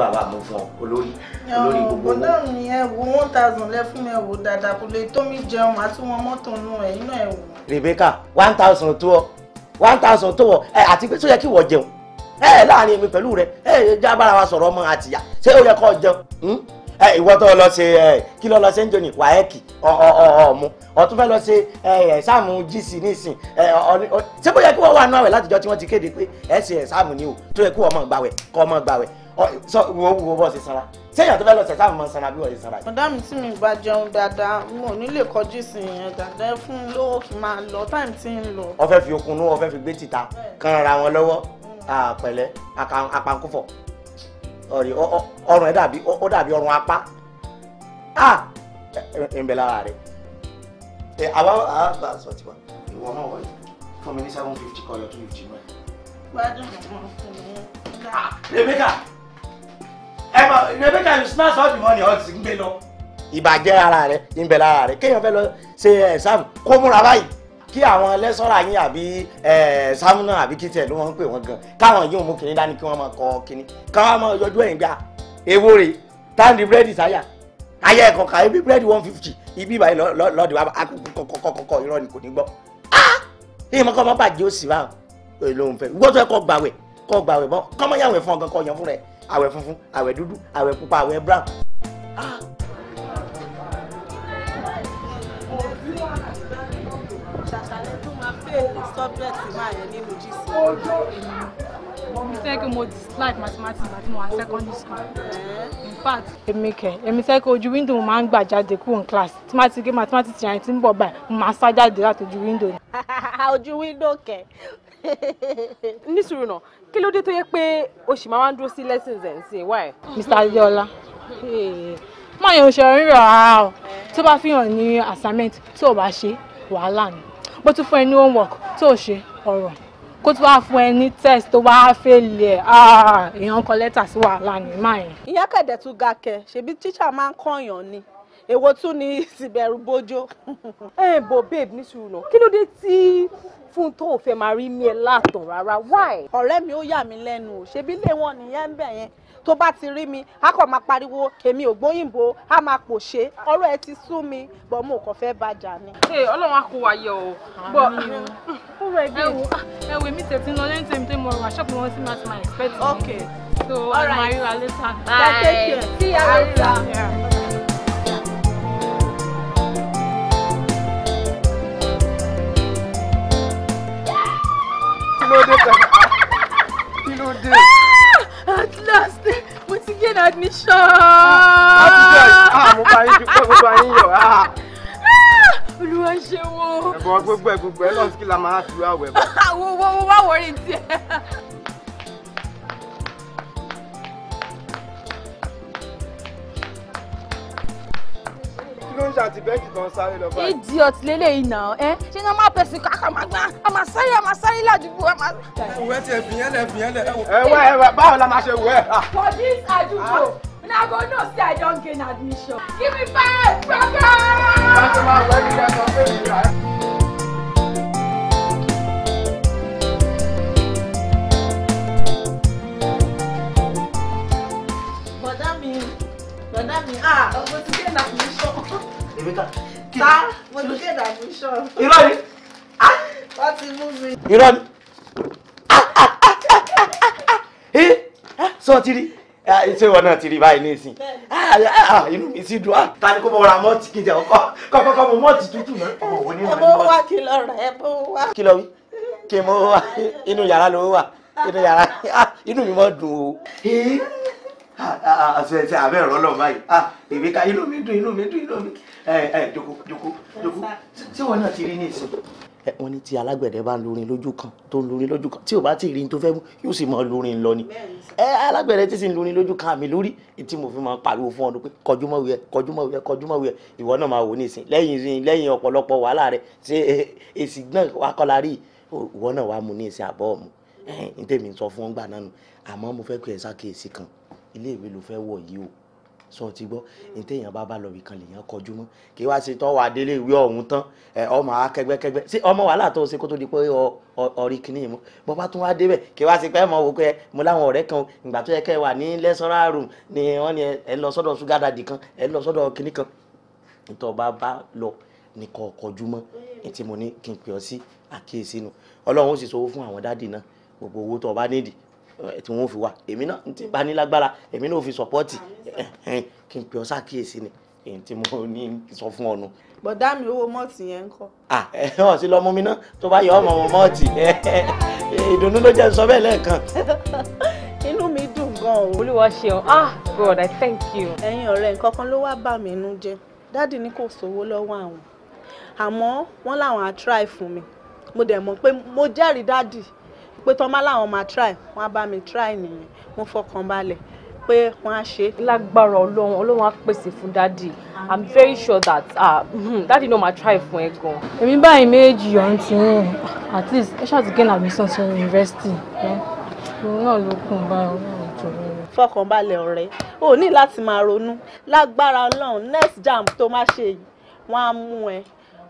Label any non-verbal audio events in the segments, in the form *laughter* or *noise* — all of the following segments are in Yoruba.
bàbá mú fún ọ olórí olórí gbogbo owó. ọ̀dọ́ mi ẹ wo one thousand lẹ fún mi ẹ wò dáadáa kò lè tó mi jẹun àti wọn mọ́tò nù ẹ̀ iná ẹ wò. Rebecca one thousand tó ọ one thousand tó ọ ẹ àti pé tó yẹ kí wọ́n jẹun ẹ láàrin èmi pẹ̀lú rẹ ẹ já bára wa sọ̀rọ̀ ọmọ àtìyá ṣé ó yẹ kó jẹun hmm? ẹ ìwọ tó lọ ṣe ẹ kí lọ lọ ṣe ń jò ní wáẹ́kì ọmú ọtún fẹ́ lọ ṣe ẹ ẹ̀sáàmù gc nísìn ẹ ọ ṣé bóyá kí wọ́n wà nú àwẹ̀ látijọ́ tí wọ́n ti kéde pé ẹ ṣe ẹ̀sáàmù ni o tó yẹ kí wọ́n máa gbàwẹ̀ kọ́ máa gbàwẹ̀ sọ wo wo bọ́ ṣe sanra sẹ́yìn àti bẹ́ẹ̀ lọ sẹ́yìn àmọ́ sanra bí wọ́n ṣe sanra yìí. ọ̀dà mi tí mi bá jẹun dáadáa mo ò ní lè kọjú sí ìyẹn dáadáa fún un lówó fi máa lọ táìmù tí ń lọ. ó fẹ́ fi okun nú ó fẹ́ fi gbé tìta kan ra wọn lọ́wọ́ pẹ̀lẹ́ apankúfọ̀ ọrùn ẹ̀ dàbí ó dàbí ọrùn apá ń bẹ lára rẹ̀. àwa àgbà sọ tiwa ìwọ náà wọlé fún mi ní seven fifty kọyọ two fifty náà. gbádùn àwọn ọkùnrin. Rebecca ẹ mọ rebecca you smash all the money ọtí ń gbé lọ. ìbàjẹ́ ara rẹ̀ ń bẹ lára rẹ̀ kéèyàn fẹ́ lọ ṣe exam kó múra báyìí kí àwọn lẹ́sọ̀rọ̀ yín àbí sámúnà àbí kí tiẹ̀ ló wọ́n ń pè wọ́n gan káwọn yóò mú kinní dání kí wọ́n máa kọ kinní káwọn máa yọjú ẹ̀yìn gbà ewo rè táǹdì búrẹ́dì sáyà ayé ẹ̀kọ́ kàwé bí búrẹ́dì one fifty ibi ìbàyẹn lọ́ọ̀dì wa kọ̀kọ̀kọ̀kọ̀ irọ́ ni kò ní gbọ́ yìí mọ́kọ́ mọ́ bàjẹ́ òsì wa lóhun fẹ́ gbọ́dọ̀ kọ́ gbàwẹ̀ kọ́ gbàwẹ̀ bọ́ kọ́mọ́yàwẹ̀ fún ọ̀gán kọ́ yan fún rẹ̀ àwẹ̀ funfun àwẹ̀ dúdú àwẹ̀ pupa àwẹ̀ brown. ṣàṣàlẹ̀ tó máa fẹ́ẹ̀lì sọ́bẹ̀tì máa yẹ nínú jíìsì fẹ́ kí mo dislike mathematics àti mo wà school in fact. èmi kẹ èmi fẹ́ kí ojú wíńdò mo máa ń gbà jáde kúrò ní class tí máa ti gé mathematics yẹn ti ń bọ̀ báyìí mo máa sá jáde láti ojú wíńdò ni. *laughs* ojú wíńdò kẹ *laughs* ní sùúrù náà kí ló dé tó yẹ pé o máa ń dúró sí lessons ẹ̀ ń sìn wá Mr. Adeola máa yàn oṣù rírọ̀ ara o tó bá fi ní assignment tó o bá ṣe wàhálà ni bó tún fún ẹ ní homework tó o ṣe ọ̀rọ̀ kó tó wá fún ẹ ní test tó wá fèlè ẹ ah, èèyàn kọ lẹ́tà sí wàhálà ní má yẹn. ìyẹn kẹ̀dẹ̀ tún ga kẹ ṣebí tíṣà máa ń kọ̀yàn ni èwo tún ni ìsìbẹ̀rù *laughs* bójó. ẹ *laughs* eh, bọ babe ní sùúrù náà kí ló dé tí fún tó fẹ́ máa rí mi ẹ látàn rárá why. ọ̀rẹ́ mi ó yà mí lẹ́nu ṣebí lé wọn nìyẹn ń bẹ̀ yẹn tó bá ti rí mi a kàn máa pariwo èmi ò gbóyìnbó a máa pòṣe ọ̀rọ̀ ẹ ti sú mi bọ̀ mo kàn fẹ́ bàjá ni. ṣe ọlọ́run á kó wa o bọ ó rẹ bí ewu èmi tẹ̀sí lọ lẹ́yìn tẹ̀mí tẹ̀mí ọ̀rọ̀ àṣọ́pù wọn sí máa expect me. okay so all right i'll marry you later. bye take care see you later last mo ti gain admission. Ah, mo bá yín dúpẹ́ mo bá yín yọ̀ ah. Ah, olúwa ṣe wo. ẹ̀bùn gbogbo ẹ̀ gbogbo ẹ̀ lọ́sìkì la máa fi wá wẹ̀ bọ̀. wo wo wo wá wọrí tiẹ̀. kí ló ń ṣe àtìbẹ́ẹ̀kì tó ń sáré lọ báyìí. idiot lélẹ́yìí náà ẹ ṣé náà máa pèsè kàkà máa gbá a máa sáré a máa sáré ládùúgbò a máa. ìwé tiẹ̀ fìyẹ́lẹ̀ fìyẹ́lẹ̀. ẹ wẹ ẹ wẹ báwo la máa ṣe wẹ. Ah. for this àdúgbò ah. na go know say i don gain admission give me five brother. bọ̀dá mi ọmọ ti dé nà mí sọ. ta mo ti dé nà mí sọ. irọ́ ni. wọ́n ti mú mi. Ah, ah, ah, ah, ah, ṣé ìwọ náà ti rí báyìí ní ìsìn ah, ah, inú mi sì dùn ah, ta ni kó mọ ra mọ́ọ̀tì kejì ọkọ kọ́kọ́ kọ́ mọ mọ́ọ̀tì tútù náà ọmọ òun ní ìrìn mọ́ọ̀tì. ẹ bó wá kí lọ rẹ ẹ bó wá. kí lọ wí kí mo wá inú yàrá ló wà inú yàrá inú mi mọ́ dùn o àṣẹ abẹ́ lọ báyìí ah èmi ká inú mi dùn inú mi dùn inú mi ẹ ẹ jókòó jókòó jókòó tí wọn náà ti rí ní ìsìn. ẹ wọn ní tí alágbẹ̀dẹ bá ń lurin lójú kan tó ń lurin lójú kan tí ò bá tí ì rí ní tó fẹ́ mú yóò sì máa lurin lọ ni ẹ alágbẹ̀dẹ tí sì ń lurin lójú kan àmì lórí tí mo fi máa pariwo fún ọdún pé kọjú mọ́ wíyẹ kọjú mọ́ wíyẹ kọjú mọ́ wíyẹ ìwọ náà máa wò ní ìsìn lẹ́yìn lẹ́yìn ọ̀pọ̀lọpọ̀ wàhálà rẹ ṣé èsì náà wà kọ́la rí ìwọ náà wà mú ní ìsìn àbọ̀ ọ̀mù iléèwé ló fẹ́ wọ̀ yìí o sọ ti gbọ́ ní téèyàn bá bá lọ ibì kan lèèyàn kọjú mọ́ kí wá sí tọ́wọ́ adélé ìwé ọ̀hún tán ẹ ọmọ akẹgbẹ́kẹgbẹ́ sí ọmọ wàhálà tó ṣe kó tó di pé ọrí kìíní mu bọ́ bá tún wá débẹ̀ kí wá sí pé mọ̀ wò pé mo láwọn ọ̀rẹ́ kan ìgbà tó yẹ kẹ́ wà ní lẹ́sọ̀rọ̀ àrùn ni wọ́n ní ẹ lọ sọ́dọ̀ ṣúgà kan ẹ lọ sọ́dọ̀ kìíní kan nítorí bá bá lọ ní kọjú mọ́ tí mo ní kí n pè ọ́ sí àkíyèsí nu ọlọ́run ó sì tí wọ́n fi wá èmi náà ní tí bá ní lágbára èmi náà fi sọ̀pọ́ọ̀tì kí n pè ọ́ sàkíyèsí ni èyí tí mo *laughs* ní sọ fún ọ nu. bọ̀dá mi owó mọ́ọ̀tì yẹn ń kọ́. ah ẹ ọ̀ sí lọ́mú mi náà tó bá yọ ọmọ mọ́ọ̀tì ìdùnnú ló jẹ́ sọ bẹ́ẹ̀ lẹ́ẹ̀kan. *laughs* inú mi dùn gan-an o. olúwa ṣeun ah god i thank you. ẹ̀yin ọ̀rẹ́ nǹkan kan ló wá bà mí inú jẹ́ dádì ní kò sówó lọ́wọ́ àwọn àmọ́ wọ́n láwọn á try fún mi mo dẹ̀ mọ̀ pé mo jẹ́rìí dádì pé tọ́ máa láwọn máa try wọ́n á bá mi try nìyẹn mo fọkàn balẹ̀ pé wọ́n á ṣe. lágbára ọlọ́run ọlọ́run á pèsè fún dádì i'm very sure that uh, ah, hmm, dádì náà máa try fún ẹ gan. èmi báyìí méjì ọ̀hún ti ń rìn at least ẹ ṣáà ti gain admission to university òun náà ló kún báyìí ọlọ́run jọ rẹ fọkànbalẹ̀ ọ̀rẹ́ o ní láti máa ronú lágbára ọlọ́run next jam tó má ṣe yìí wọ́n á mú ẹ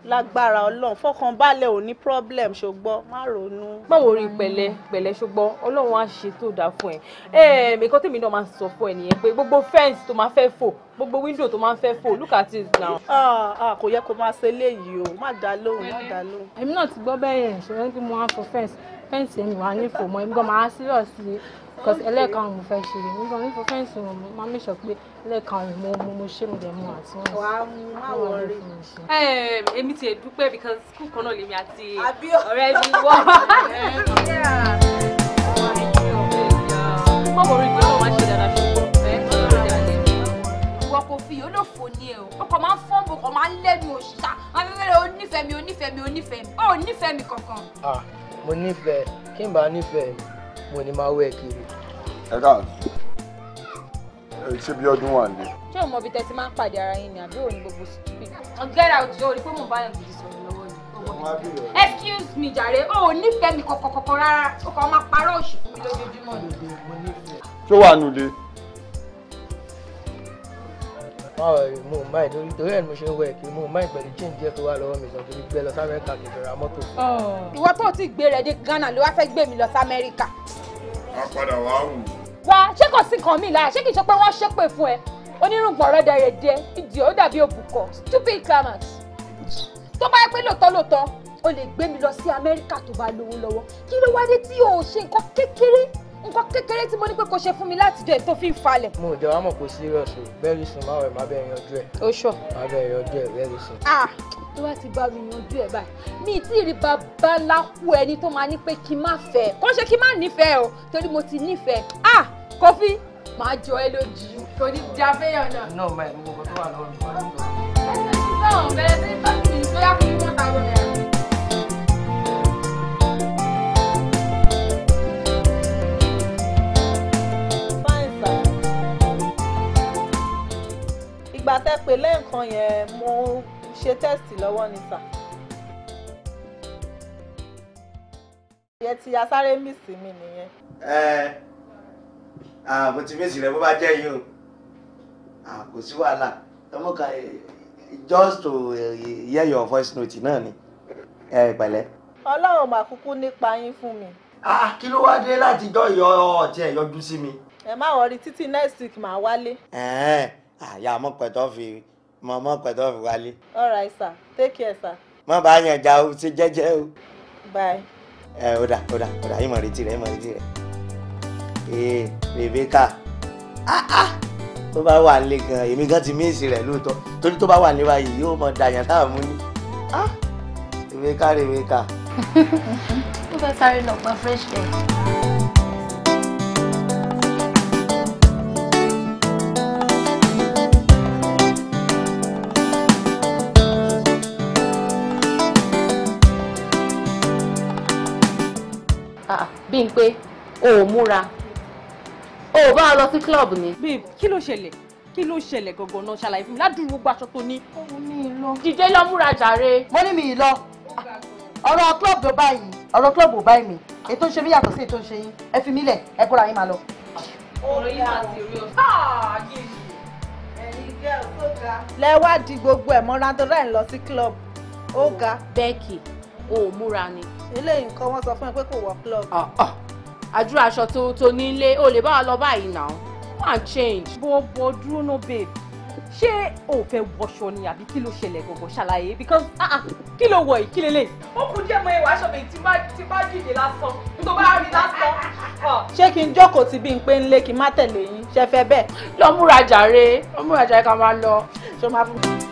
lágbára ọlọ́run fọkànbalẹ̀ ò ní problem ṣùgbọ́n má ronú. má wo orí pẹ̀lẹ́ pẹ̀lẹ́ ṣùgbọ́n ọlọ́run á ṣe tó dáa fún ẹ ẹ̀ẹ́mẹ̀kọ́ ehm, tèmi náà máa sọ fún ẹ nìyẹn pé gbogbo fẹ́ǹsì tó máa fẹ́ fò gbogbo window tó máa ń fẹ́ fò look at it now. Ah, ah, kò yẹ kó máa ṣe eléyìí o má dá lóhùn má dá lóhùn. èmi náà ti gbọ́ bẹ́ẹ̀ yẹn ṣùgbọ́n kí mo wá fọ fẹ́ǹsì fẹ́ǹsì èmi wà ní fò mọ́ èmi gan máa serious sí i because ẹlẹ́ẹ̀kan mo fẹ́ ṣe rẹ̀ nígbà mífọ fẹ́ǹsì mo máa ń sọ pé ẹlẹ́ẹ̀kan rẹ̀ mo mo mo ṣe mo dẹ̀ mo àti wọn. wàá mú àwọn ọ̀rẹ́ èmi ti dúpẹ́ because school kan náà lèmi àti ọ̀rẹ́ mi *laughs* wọ́. ọkọ máa ń fọ́n bò kọ máa ń lẹ́nu òṣìṣà wọn fi wẹ́rẹ́ onífẹ̀ẹ́ mi onífẹ̀ẹ́ mi onífẹ̀ẹ́ mi kankan. Ah, mo nífẹ̀ẹ́ kí n bá nífẹ̀ẹ́ mi mo ní máa wẹ̀ kiri. ẹ káàlù ṣé bí ọdún wà ní. ṣé o mọ ibi tẹ máa ń pàdé ara yín ni àbí òun gbogbo stupid. get out jọ orí pé mo bá yàn gidi sọ̀rọ̀ lọ́wọ́ ni. excuse me jàre o ò nífẹ̀ẹ́ mi kọ̀kọ̀kọ̀kọ̀ rárá o kàn máa parọ́ òṣì fún mi lójoojúmọ́ ni. ṣé wàá nulẹ̀ má wọ rí mú un báyìí torí torí ẹ̀ ni mo ṣe ń wẹ̀ kí mú un báyìí pẹ̀lú chain díẹ̀ tó wà lọ́wọ́ mi gan torí gbé lọ sí amẹ́ríkà kì í fẹ́ ra mọ́tò. Oh. ìwọ tó ti gbé rẹ̀ dé Ghana ló wá fẹ́ gbé mi lọ sí amẹ́ríkà. a padà wá wù. wa ṣé kò sí kan mi lára ṣé kì í ṣe pé wọ́n ṣépè fún ẹ onírùngbọ̀n rẹ̀ dẹ̀rẹ̀ dẹ ìdí ó dàbí òbúkọ stupid climate tó bá yẹ pé lóòótọ́ lóòótọ́ o lè gbé mi lọ sí amẹ́ríkà tó bá lówó lọ́wọ́ kí ló wá dé tí o ṣe nǹkan kékeré nǹkan kékeré tí mo ní pé kò ṣe fún mi láti jọ ètò fi ń falẹ̀. mo ò jẹ́ wàá mọ̀ kó serious o very soon máa wẹ̀ má bẹ́ẹ̀ yanjú ẹ̀. ó ṣọ. má bẹ́ẹ̀ yanjú ẹ̀ very soon. ah tó bá ti bá mi yanjú ẹ̀ báyìí mi ì tí ì rí bàbá lákú ẹni tó máa ní pé kí n má fẹ́ kó ṣe kí n má nífẹ̀ẹ́ o torí mo ti nífẹ̀ẹ́ ah kọfí màá jọ ẹ lójú kò ní já fẹ́yàn náà. náà máa ń mú ọkọ tó wà lọ́rùn. báwọn bẹ̀rẹ̀ sí ìfàkùn ìgbéyàwó tẹ́ pé lẹ́ǹkan yẹn mo ṣe tẹ́sítì lọ́wọ́ ni sà. ìyẹn ti asáré mísì mi nìyẹn. ẹ ẹ mo mísì rẹ bó bá jẹ́ yìí o kò sí wàhálà ọmọ kan just to eh, hear your voice note náà ni ẹ pẹ̀lẹ́. ọlọ́run mà kúkú nípa yín fún mi. kí ló wá dé láti jọ ìyọ ọtí ẹ yọjú sí mi. ẹ má wọrí títí next week màá wálé àyà ah, mọ́pẹ̀tọ́ fi mọ mọ́pẹ̀tọ́ fi wálé. all right sir take care sir. mọ bá yàn já o ṣe jẹ́jẹ́ o. bye. ẹ ó dà ó dà ó dà ìmọ̀ retí rẹ̀ ìmọ̀ retí rẹ̀ ee Rebecca ah ah tó bá wà nílé gan èmi gan ti míìsì rẹ̀ lóòótọ́ torí tó bá wà nílé báyìí yóò mọ dàyàn táwọn mú ni ah Rebecca Rebecca. ó *laughs* fẹ́ sáré lọ pa fresh air. bíi pé o ò múra o ò bá lọ sí club ni. babe kí ló ṣẹlẹ̀ kí ló ṣẹlẹ̀ gangan náà ṣàlàyé fún mi ládùúgbò gbogbo aṣọ tó ní. ó ní ìlọ. jíjẹ́ lọ múra jàre. mo ní mi ìlọ ọ̀rọ̀ club ló báyìí ọ̀rọ̀ club ò báyìí mi ètò ń ṣe mí yàtọ̀ sí ètò ń ṣe yín ẹ fi mí lẹ̀ ẹ kóra yín máa lọ. orí máa di gbogbo ẹ̀ mọ́ra tó rẹ̀ lọ sí club ó ga. Becky o ò múra ni eléyìí nǹkan wọ́n sọ fún ẹ pé kò wọ club. Ah, ah. àdúrà aṣọ tó tó nílé o lè bá wa lọ báyìí náà one change. bó bó dúró no babe ṣé o fẹ́ wọṣọ ni àbí kí ló ṣẹlẹ̀ gbọ̀gbọ̀ ṣàlàyé because ah, kí ló wọ̀ yìí kí lélẹ̀. ó kù díẹ̀ mọ ìwà aṣọ mi tí má tí má dìde lásán tó bá rí lásán. ṣé kí n jókòó tí bí n pé ń lé kí n má tẹ̀lé yín ṣe fẹ́ bẹ́ẹ̀. lọ múra jàre lọ múra jàre ká máa lọ ṣé o máa fún mi.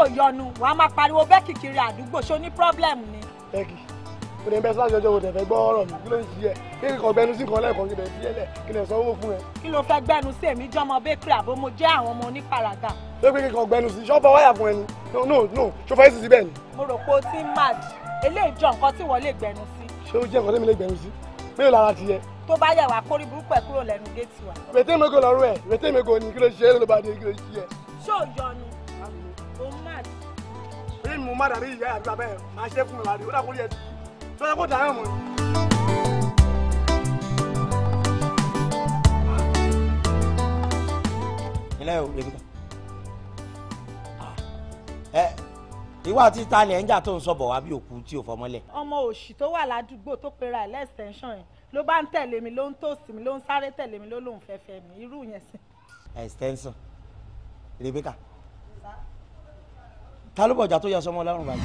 ò yọnu wàá máa pariwo bẹ́ẹ̀ kìkiri àdúgbò ṣó ní pírọ́blẹ̀mù ni. bẹ́ẹ̀kì kò ní bẹ́ẹ̀ sáájú ọjọ́ wo tẹ̀ fẹ́ gbọ́ ọ̀rọ̀ mi kí ló ń ṣe ẹ̀ kí n kàn gbẹnu sí kan lẹ́ẹ̀kan kí n fi ẹlẹ̀ kí n sọ owó fún ẹ. kí ló fẹ́ gbẹnu sí èmi jọmọ bakery àbó mo jẹ́ àwọn ọmọ oníparada. ló pé kí n kàn gbẹnu sí ṣọ́fọ̀ wáyà fún ẹni no no no ṣọ́fọ̀ yìí sì sí bẹ́ẹ̀ ni. mo rò pé o ti ń mad eléyìí jọ nǹkan tí wọ́n lè gbẹnu sí. ṣé o jẹ́ nǹkan tẹ́mi lè gbẹnu sí mélòó lára ti yẹ. tó bá yẹ wá kórí burúkú ẹ kúrò lẹ́nu géètì wa. rètè mego lọrú ẹ rètè mego ni kí ló ṣe é ló bá dé kí ló ṣe é. ṣó yọnu ni mo má dàbí ìyá àti bàbá ẹ̀ máa ṣe fún ìlànà ó dàkúrú yẹ lọ́dọ̀ kó dàrán mọ́. ilé o lè gbà ah. ẹ ìwà àti ìtàlẹ̀ ẹ̀ ń jà tó ń sọ̀bọ̀ wá bí òkú tí ò fọmọ́lẹ̀. ọmọ òṣì tó wà ládùúgbò tó pera ẹ̀ lẹ́sẹ̀ńsán yẹn ló bá ń tẹ̀lé mi ló ń tòsí mi ló ń sáré tẹ̀lé mi ló lóun fẹ́ mi irú yẹn sí. extension Rebecca ta ló bọ̀jà tó yẹ sọmọ lọ́rùn báyìí.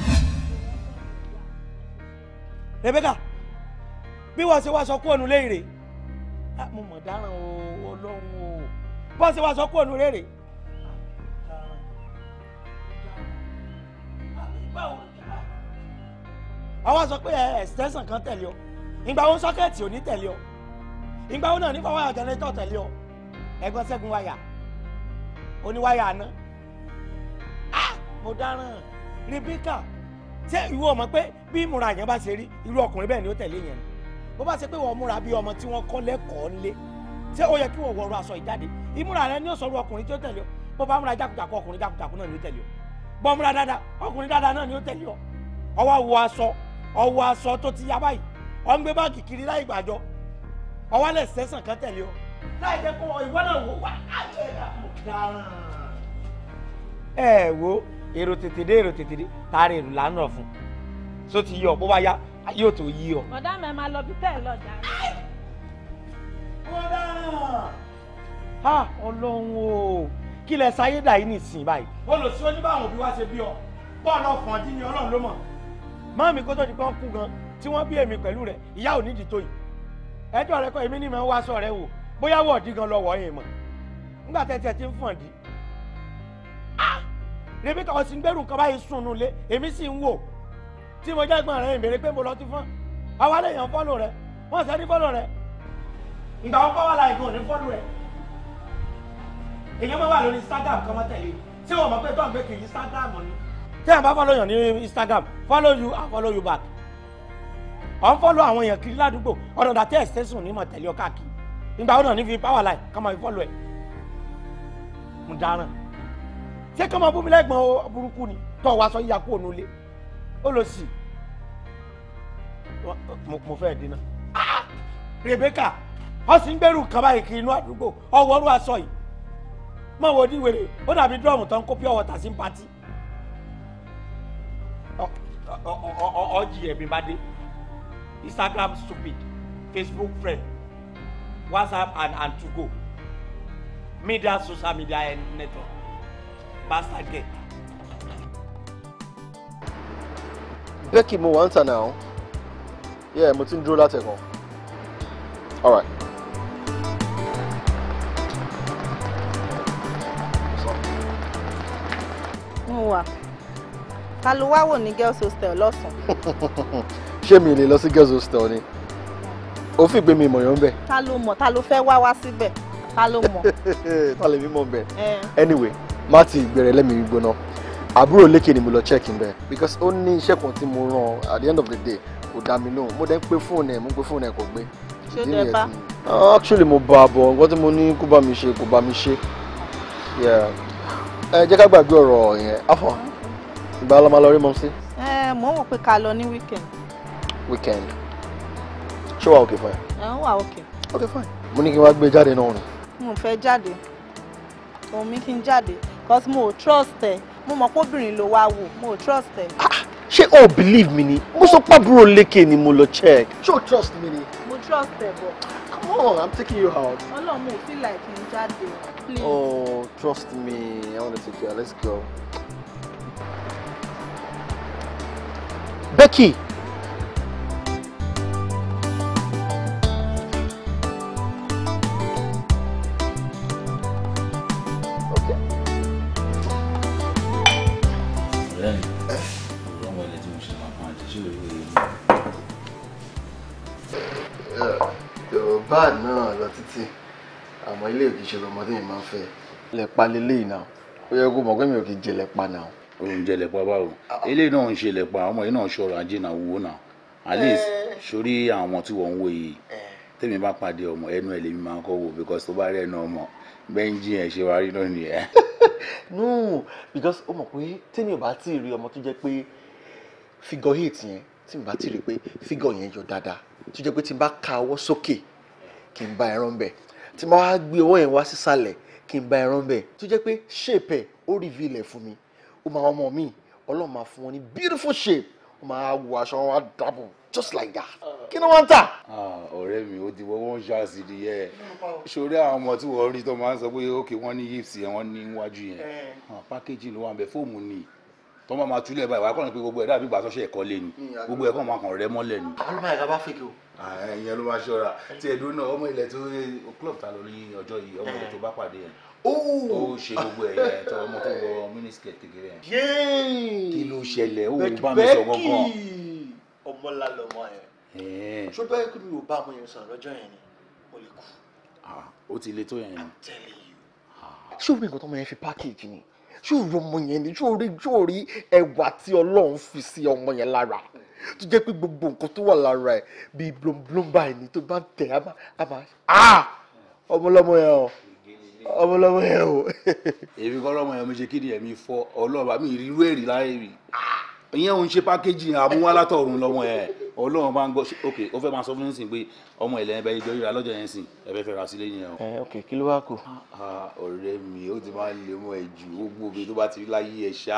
Rebecca bí wọ́n ṣe wá sọ kú ònú léèrè mo mọ̀ dáràn o ọlọ́run o bọ́n ṣe wá sọ kú ònú léèrè. àwa sọ pé extension kan tẹ̀lé ọ ìgbà wo sọ́kẹ́ẹ̀tì ò ní tẹ̀lé ọ ìgbà wo náà nípa wáyà jẹnẹrétọ̀ tẹ̀lé ọ ẹ̀gbọ́n ṣẹ́gun wáyà oníwáyà àná mo dáràn Rebecca ṣé ìwọ mọ̀ pé bí ìmúra yẹn bá ṣe rí irú ọkùnrin bẹ́ẹ̀ ni ó tẹ̀lé yẹn bó bá ṣe pé wọ́n múra bí ọmọ tí wọ́n kọ́ lẹ́kọ̀ọ́ ńlé ṣé ó yẹ kí wọ́n wọ̀rọ̀ aṣọ ìjáde ìmúra rẹ ní ọ̀sọ̀rọ̀ ọkùnrin tí ó tẹ̀lé ọ bó bá múra jákujàku ọkùnrin jákujàku náà ni ó tẹ̀lé ọ bó múra dáadáa ọkùnrin dáadáa náà ni ó tẹ̀lé ọ ọwọ́ aṣọ ọwọ́ aṣọ tó èrò tètè dé èrò tètè dé tààrà èrò lánà fún so ti yọ bó bá yá yóò tó yí ọ. ọ̀dà mi máa lọ bí tẹ́ ẹ lọ́jà. kódà ha ọlọ́run o kí lẹ sáyé dà yín nìsín báyìí. olùsí oníbàwọn òbí wa ṣe bí ọ bọ́ọ̀lù ọ̀fọ̀n àti ní ọlọ́run ló mọ̀. mọ́mí kó tó di pọ́n kú gan tí wọ́n bí èmi pẹ̀lú rẹ̀ ìyá ò nídìí tó yìí ẹjọ́ rẹ kọ́ èmi ní mọ̀ ń wáṣọ rẹ wò bóyá wọ̀ọ́dí gan lọ wọ̀ọ́yìn mọ̀ nígbà tẹ́tẹ́ ti ń fọ̀ǹdì rebeka ọsì ń gbẹrù nǹkan báyìí sùn nù lé èmi sì ń wò tí mo jẹ́ gbọ́n rẹ̀ ìbèrè pé mo lọ ti fọ́n àwa lè yàn fọ́lù rẹ wọ́n sẹ́ ní fọ́lù rẹ ìgbà wọn kọ́ wà láì gan ní fọ́lù rẹ èyàn máa wà lórí Instagram kọ́ mọ́ tẹ̀lé tí wọ́n mọ̀ pé tó ń gbé kìí Instagram ni. tẹ́yàn bá fọ́lù yàn ní Instagram follow you I follow you back ọ̀ ń fọ́lù àwọn èèyàn kiri ládùúgbò ọ̀nà ìdá tẹ́ ẹ̀sẹ̀sùn ní mọ̀ tẹ̀lé ọ káàkiri ìgbà wọn náà ní fi power line kọ́ mọ́ fi fọ́lù mo dáràn ṣé kí ọmọ búmi lẹ́gbọ̀n burúkú ni tọ́ wa sọ yíya kúrò nílé ó lọ sí mo fẹ́ dínà ah! Rebecca wọ́n sì ń gbẹ́rù kan báyìí kiri inú àdúgbò ọwọ́ ọrú aṣọ yìí mọ̀ wọ́n ní wèrè ó dàbí dúrọ̀mù tán kó pure water sí pati ọjì ẹ̀mí bá dé Instagram stupid Facebook friend WhatsApp and and to go media social media eh, network bastard girl. Becky mo wà ń tà náà. Yeah, mo draw that dúró All right. mo wà ta ló wá girls hostel lọ́sàn-án. *laughs* ṣé mi lè lọ sí girls hostel ni ó fi gbé mi ìmọ̀yàn ń bẹ̀. ta ló mọ̀ ta ló fẹ́ wá wá síbẹ̀ ta ló mọ̀. *laughs* ta lè mímọ̀ ń bẹ̀. Eh. anyway Mati, ti ìgbẹ̀rẹ̀ lẹ́mìí gbóná àbúrò lékè ni mo lọ check in bẹ́ẹ̀ because ó ní iṣẹ́ kan tí mo ràn at the end of the day kò dá mi lóhùn mo dẹ́ ń pe fóònù ẹ̀ mo ń fóònù ẹ̀ kò gbé. ṣé o lè ah, actually mo bá a bọ̀ nǹkan tí mo ní kó bá mi ṣe kó bá mi ṣe ẹ jẹ́ ká gbàgbé ọ̀rọ̀ yẹn afọ ìgbà la máa lọ rí mọ́ sí. ẹ mò ń wò pé ká lọ ní weekend. weekend ṣé wàá okay fine. ẹ ń wà okay. okay fine. mo ní kí n wá gbé jáde náà rìn. mo fẹ́ jáde òun mi kí n jáde cause mo trust ẹ mo mọ̀ pé obìnrin ló wá wò mo trust ẹ. ṣé o believe me ni mo sọ pàbúrò lékè ni mo lọ check. ṣé o trust me ni. mo trust ẹ bọ. come on i'm taking you out. ọlọ́run mo feel like n jáde please. oh trust me i wanna take you out let's go. Becky. ìṣe lọmọdé yìí máa ń fẹ́ lẹ́pa lélẹ́yìí náà ó yẹ kó mọ̀ pé mi ò kì í jẹ lẹ́pa náà. òun jẹ lẹ́pa báwo eléyìí náà ń ṣe lẹ́pa ọmọ yìí náà ṣọ̀rọ̀ ajé náà wò náà alice sórí àwọn tí wọ́n ń wò yìí eh. tèmi bá pàdé ọmọ ẹnu ẹ lèmi máa ń kọ́ wò because tó bá rẹ̀ ẹnu ọmọ bẹ́ńjì ẹ̀ ṣe wá rí náà nìyẹn. *laughs* no because ó mọ̀ pé tèmi ò bá tí ì rí ọmọ tó jẹ́ pé figure eight yẹn tí mi bá ti rí pé fígọ̀ yẹn yọ dáadáa tó jẹ́ pé tí n bá ka ọwọ́ sókè kí n bá ẹran bẹ̀ tí máa wá gbé ọwọ́ yẹn wá sísàlẹ̀ kí n bá ẹran bẹ̀ tó jẹ́ pé shape ẹ̀ ó reveal ẹ̀ fún mi ó máa ọmọ mi ọlọ́run máa fún wọn ní beautiful shape ó máa wọ aṣọ wọn wá dàbò just like that kí ni wọ́n ń tà. Ah, ọ̀rẹ́ mi ó ti wọ́n wọ́n ṣá sí i yẹ sórí àwọn ọmọ tí wọ́n rí tó máa ń sọ pé ókè wọ́n ní yips yẹn wọ́n ní iwájú yẹn eh. ah, pákéjì ló wà ń bẹ ni tó máa ma túlẹ̀ báyìí wàá kọ́ni pé gbogbo ẹ̀ dàbí ìgbà tó ẹ̀kọ́ lé mm, gbogbo ẹ̀kọ́ máa kàn rẹ́ mọ́lẹ̀ ni. àwọn ọlọ́mọ ẹ̀ka bá fèkì o Ah, ìyẹn ló máa ṣọ́ra tí ẹdun náà ọmọ ilẹ̀ tó club ta lọ ọjọ́ yìí ọmọ ilẹ̀ tó bá pàdé yẹn ó ṣe gbogbo ẹ̀yẹ tó ọmọ tó wọ mínísítì kékeré yẹn kí ló ṣẹlẹ̀ ó bá mi sọ gbọ̀ngàn. ọmọlá lọmọ yẹn ṣùgbọ́n ẹ̀kú mi ò bá ọmọ yẹn sọ̀rọ̀ lọ́jọ́ yẹn ni mo lè kú. Ah, ó ti le tó yẹn. I'm telling you. Ah. ṣé o bí nǹkan tó mọ yẹn fi package ni ṣòro ọmọ yẹn ni ṣòrí ṣòrí ẹwà tí ọlọ́run fi sí ọmọ yẹn lára tó jẹ́ pé gbogbo nǹkan tó wà lára ẹ̀ bíi blomblom báyìí ni tó bá ń tẹ̀ á máa á ọmọlọ́mọ yẹn o ọmọlọ́mọ yẹn o. èmi kọ́ ọlọ́mọ yẹn mo ṣe kíni ẹ̀mí fọ ọlọ́ba mi ìrírú èrì láyé mi ìyẹn òun ṣe pákéjì àmúwálátọ̀ọ̀run lọ́mọ yẹn ọlọ́run máa ń gbọ́ ok ó fẹ́ máa sọ fún mi sìn pé ọmọ ìlẹ́yìn bẹ́ẹ̀ jọ ríra lọ́jọ́ yẹn sìn ẹ̀bẹ̀ fẹ́ sílé yẹn o. ok kí ló wá kù. ọ̀rẹ́ mi ó ti máa ń lè mọ ẹ̀jù gbogbo omi tó bá ti rí láyé ẹ̀ ṣá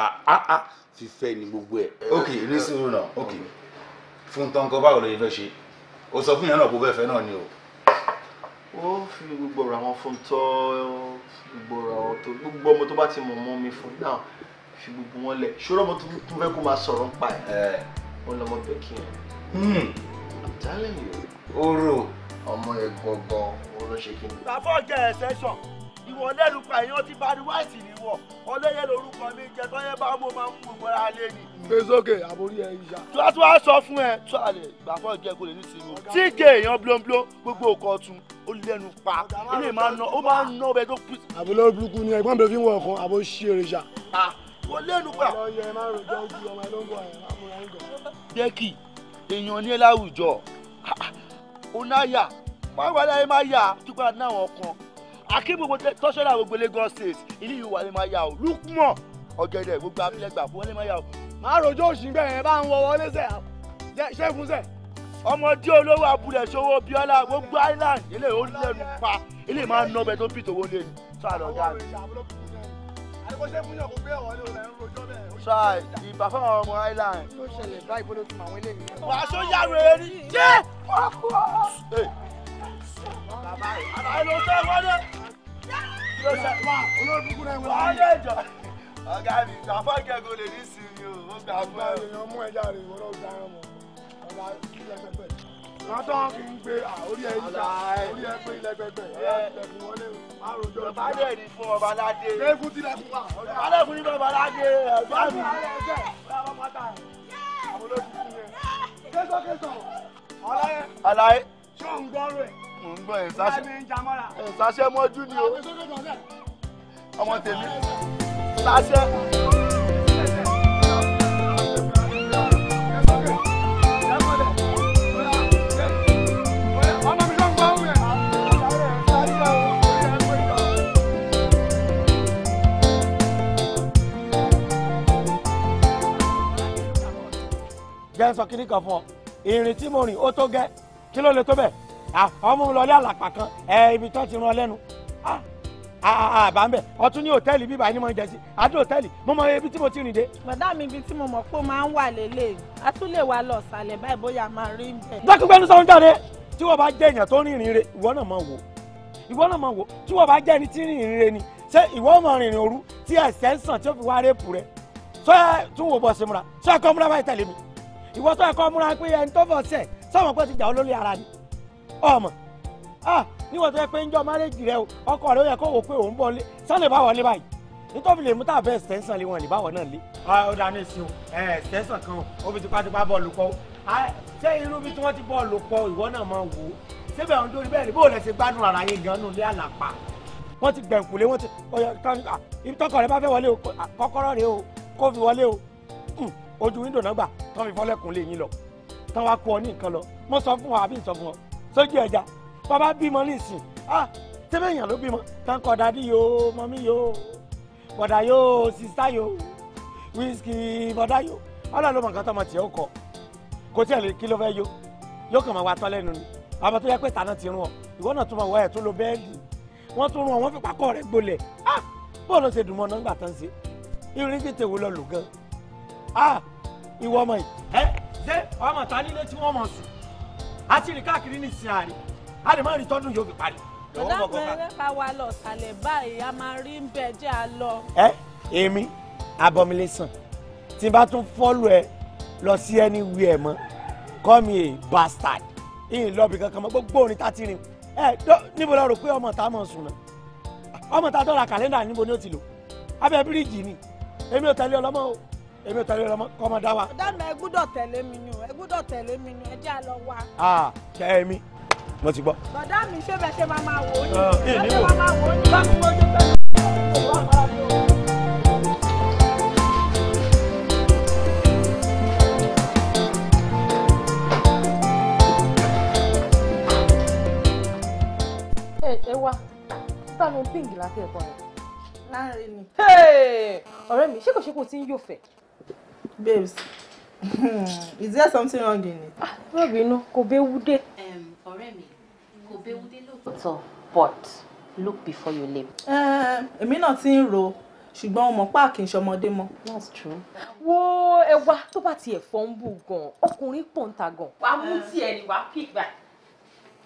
fífẹ́ ni gbogbo ẹ̀. ok ní sùúrù náà ok fún tọ́ńkọ́ báwo ló yẹ fẹ́ ṣe o sọ fún yẹn náà kó fẹ́ fẹ́ náà ni o ó fi gbogbo ọ̀rọ̀ àwọn fún tọ́ gbogbo ọ̀rọ̀ tó gbogbo ọmọ tó bá ti mọ̀ mọ́ mi fún náà fi gbogbo wọn lẹ̀ ṣòro ọmọ tó fẹ́ kó máa sọ̀rọ̀ ń pa ẹ̀ ó lọ́mọ bẹ́ẹ̀ kí wọn. Mm. I'm telling you. Oro. Ọmọ yẹn gbọ̀ngàn olóṣè kí ni. Bàbá ọjà ẹ̀sẹ̀ sàn. Ìwọ lẹ́nu pa èèyàn ti bá ní wáìsì ní wọ̀. Ọlẹ́yẹ lorúkọ mi jẹ tọ́yẹ bá mú máa ń mú gbogbo ara lé ni. Gbé sókè àbórí ẹ ìyá. Tí wàá tí wàá sọ fún ẹ. Sọ̀rọ̀ bàbá ọjà kò lè ní sinmi. Tí ìjẹ èèyàn blóńbló gbogbo òkò ọ̀tún ó lẹ́nu pa. Ilé máa ná ó máa ná ọbẹ̀ tó pì. Àbí lórí burúkú ni ẹ̀gbọ́n mi fi ń wọ ọkàn àbó ṣí èròjà. Wọ́n lẹ́nu pa. Ọlọ́yẹ máa rojọ́ ojú ọmọ ẹ ló ń bọ̀ ẹ̀ máa múra ń gọ̀. Jẹ́ kì í èèyàn ní láwùjọ onáyà máa wà láyé máa yà túpẹ́ àdáwọn kan akébòbò tọ́sọ́dà gbogbo Lagos state ilé ìlú wà lè máa yà ó Lukman ọ̀gẹ̀dẹ̀ gbogbo abilẹ̀gbà fún wọlé máa yà ó. máa rojọ́ òsì bẹ́ẹ̀ yẹn bá ń wọ wọlé sẹ́ ṣé fún sẹ́. ọmọdé olówó abúlé ṣòwò bíọ́lá gbogbo island ilé ò lẹ́nu pa ilé máa ń nọbẹ tó ń pìtò wọlé ni sọ àlọ́ dáa. àdìgbò ṣé fún yàn try ìbá fáwọn ọmọ island. ó ṣẹlẹ̀ báyìí bó ló tún àwọn eléyìí. wàá sọ yàrá ẹ ní. ṣé wọ́n kú bàbá rẹ̀ ló sọ wọ́n ló ṣe wá olóòdùkú náà wọ́n. wọ́n lè jọ. ọ̀gá mi ìjàpá kẹ́kọ̀ọ́ lè ní sinmi o ó gbà fún ẹ. ọmọ ẹja rè wọ́n lọ gbà ẹ̀ mọ́ ọ̀gá kí lẹ́sẹ̀ pẹ̀lú wọn tó ń gbé orí ẹ ìta orí ẹ pé ilẹgbẹgbẹ wọlé àròjọ bàbá dẹ̀ ní fún ọba ládé. lẹ́kùn ti lẹ́kùn wa. bàbá fún yín ọba ládé ẹ̀gbọ́n mi. kẹsọ kẹsọ ọláyé. ọláyé. ṣé òun gbọ́ rẹ̀. mò ń gbọ́ ẹ̀ sáṣẹ. ẹ̀ sáṣẹ mọ́jú ni o. ọmọ tèmi sáṣẹ. jẹ́ ń sọ kínní kan fún ọ ìrìn tí mo rìn ó tó gẹ́ kí ló lè tó bẹ̀ ọmọ mi lọlé àlàpà kan ẹ ibi tó ti rán ọ lẹ́nu àbá ń bẹ̀ ọtún ní hòtẹ́ẹ̀lì bíbá ẹni mọ̀ ń jẹ sí àdé hòtẹ́ẹ̀lì mo mọ ibi tí mo ti rìn dé. bàdá mi ibi tí mo mọ̀ pé ó máa ń wà lélẹ̀ a tún lè wà lọ sàlẹ̀ báyìí bóyá máa rí bẹ̀. dákúgbẹ́nu sọ ń jáde tí wọ́n bá jẹ́ èèyàn tó rìnrìn re ìwọ náà máa wò ìwọ náà máa wò tí wọ́n bá jẹ́ ẹni tí rìnrìn re ni ṣé ìwọ máa rìnrìn òru tí ẹ̀sẹ̀ ń sàn tí ó fi wá rẹ́pù rẹ̀ sọ́yà tún wò bọ̀ sí múra sọ́yà kọ́ múra báyìí tẹ̀lé mi ìwọ tó ẹ̀kọ́ múra pé ẹni tó bọ̀ tẹ̀ sọ̀mọ̀ pé ti gbà ó lórí ara ni ọmọ níwọ̀n tó yẹ pé ń jọ márẹ́jì rẹ o ọkọ rẹ ó yẹ kó wò pé òun bọ̀ lé sọ́lẹ̀ bá wọlé báyìí nítorí lè tá a bẹ extension lé wọn lè báwọn náà lé. ó dáa ní ìsìn o extension kan ó fi tipátipá bọ́ọ̀lù pọ̀ ṣé irú bí tí wọ́n ti bọ́ọ̀lù pọ̀ ìwọ náà máa wò ó síbẹ̀ ọ̀hún dórí bẹ́ẹ̀ ni bóòlù ẹ̀ ṣe gbádùn ara yín gan nù lé àlàpà. wọ́n ti gbẹ̀ǹkùlé wọ́n ti ibi tọkọ rẹ bá fẹ́ wọlé o kọ́kọ́rọ́ rẹ o kó fi wọlé o hmm ojú wíńdò náà gbà tán fi fọ́lẹ́kùn lé yín lọ tán wá kú ọ ní nǹkan lọ mo sọ fún wa àbí ìsọ fún ọ sójú ẹja bàbá bímọ nísìn ah tẹ́lẹ̀ èèyàn ló bímọ tán kọ́ dádì yóò mọ́mí yóò bọ̀dà yóò sísá yóò wíṣkì bọ̀dà yóò ọlọ́run ló mọ̀ nǹkan tọmọ tiẹ̀ ó kọ kò tí ẹ̀ lè kí ló fẹ́ yó yóò kàn máa wá tán lẹ́nu ni àmọ́ tó yẹ pé tàná ti rún ọ ìwọ náà tún máa wọ ẹ̀ tó lo bẹ́ẹ̀lì wọ́n tún rún ọ wọ́n fi pákọ́ rẹ̀ gbolẹ̀ ah bóòlù ṣe dùnmọ́ náà gbà tán ṣe irun ní tètè lọ lò gan-an a ah, ìwọ ọmọ yìí. ẹ ṣé ọmọ ta nílé tí wọ́n mọ̀ sùn a ti rìn káàkiri ní ìsìn àárẹ̀ a lè má rìn tọ́dún yóò fi parí. ọ̀dàgbọ̀n ẹlẹ́pà wa lọ sàlẹ̀ báyìí a máa rí ń bẹ jẹ́ a lọ. ẹ èmi abọmilẹ́sàn tí n bá tún fọ́lù ẹ lọ sí ẹni wí ẹ mọ́ call me a bastard ìyìn lọ́ọ̀bì kankan mọ́ gbogbo orin tá a ti rìn ẹ níbo la rò pé ọmọ ta mọ̀ sùn náà ọmọ ta dọ́ra kàlẹ́ndà níbo ni ó ti lò abẹ́ bíríìjì ni èmi ò tẹ̀lé ọlọ́mọ o èmi ò tẹ̀lé ọmọ kọ́ ọmọ dá wa. dáná ẹ tẹ̀lé mi ni o tẹ̀lé mi ni ẹ jẹ́ wa. a ṣe é mi mo ti gbọ́. bọ̀dá mi ṣé bẹ́ẹ̀ ṣe máa máa wò ó ní. ẹ ní wò ó wò ó ní. bá mi lójú pé ìwọ mi ṣé kò ṣe kò tí ń yóò fẹ́ babes hmm, is there something wrong in it. má ah, no. kò béwu dé. ọ̀rẹ́ mi kò béwu dé lóòótọ́ but look before you leap. èmi náà ti ń ro ṣùgbọ́n ọmọ páàkì ìṣọmọdé mọ́. that's true. wo ẹwà tó bá tiẹ̀ fọ́ ń bù gan-an ọkùnrin pọ̀ ń ta gan. wàá mú tiẹ̀ ní wàá pick by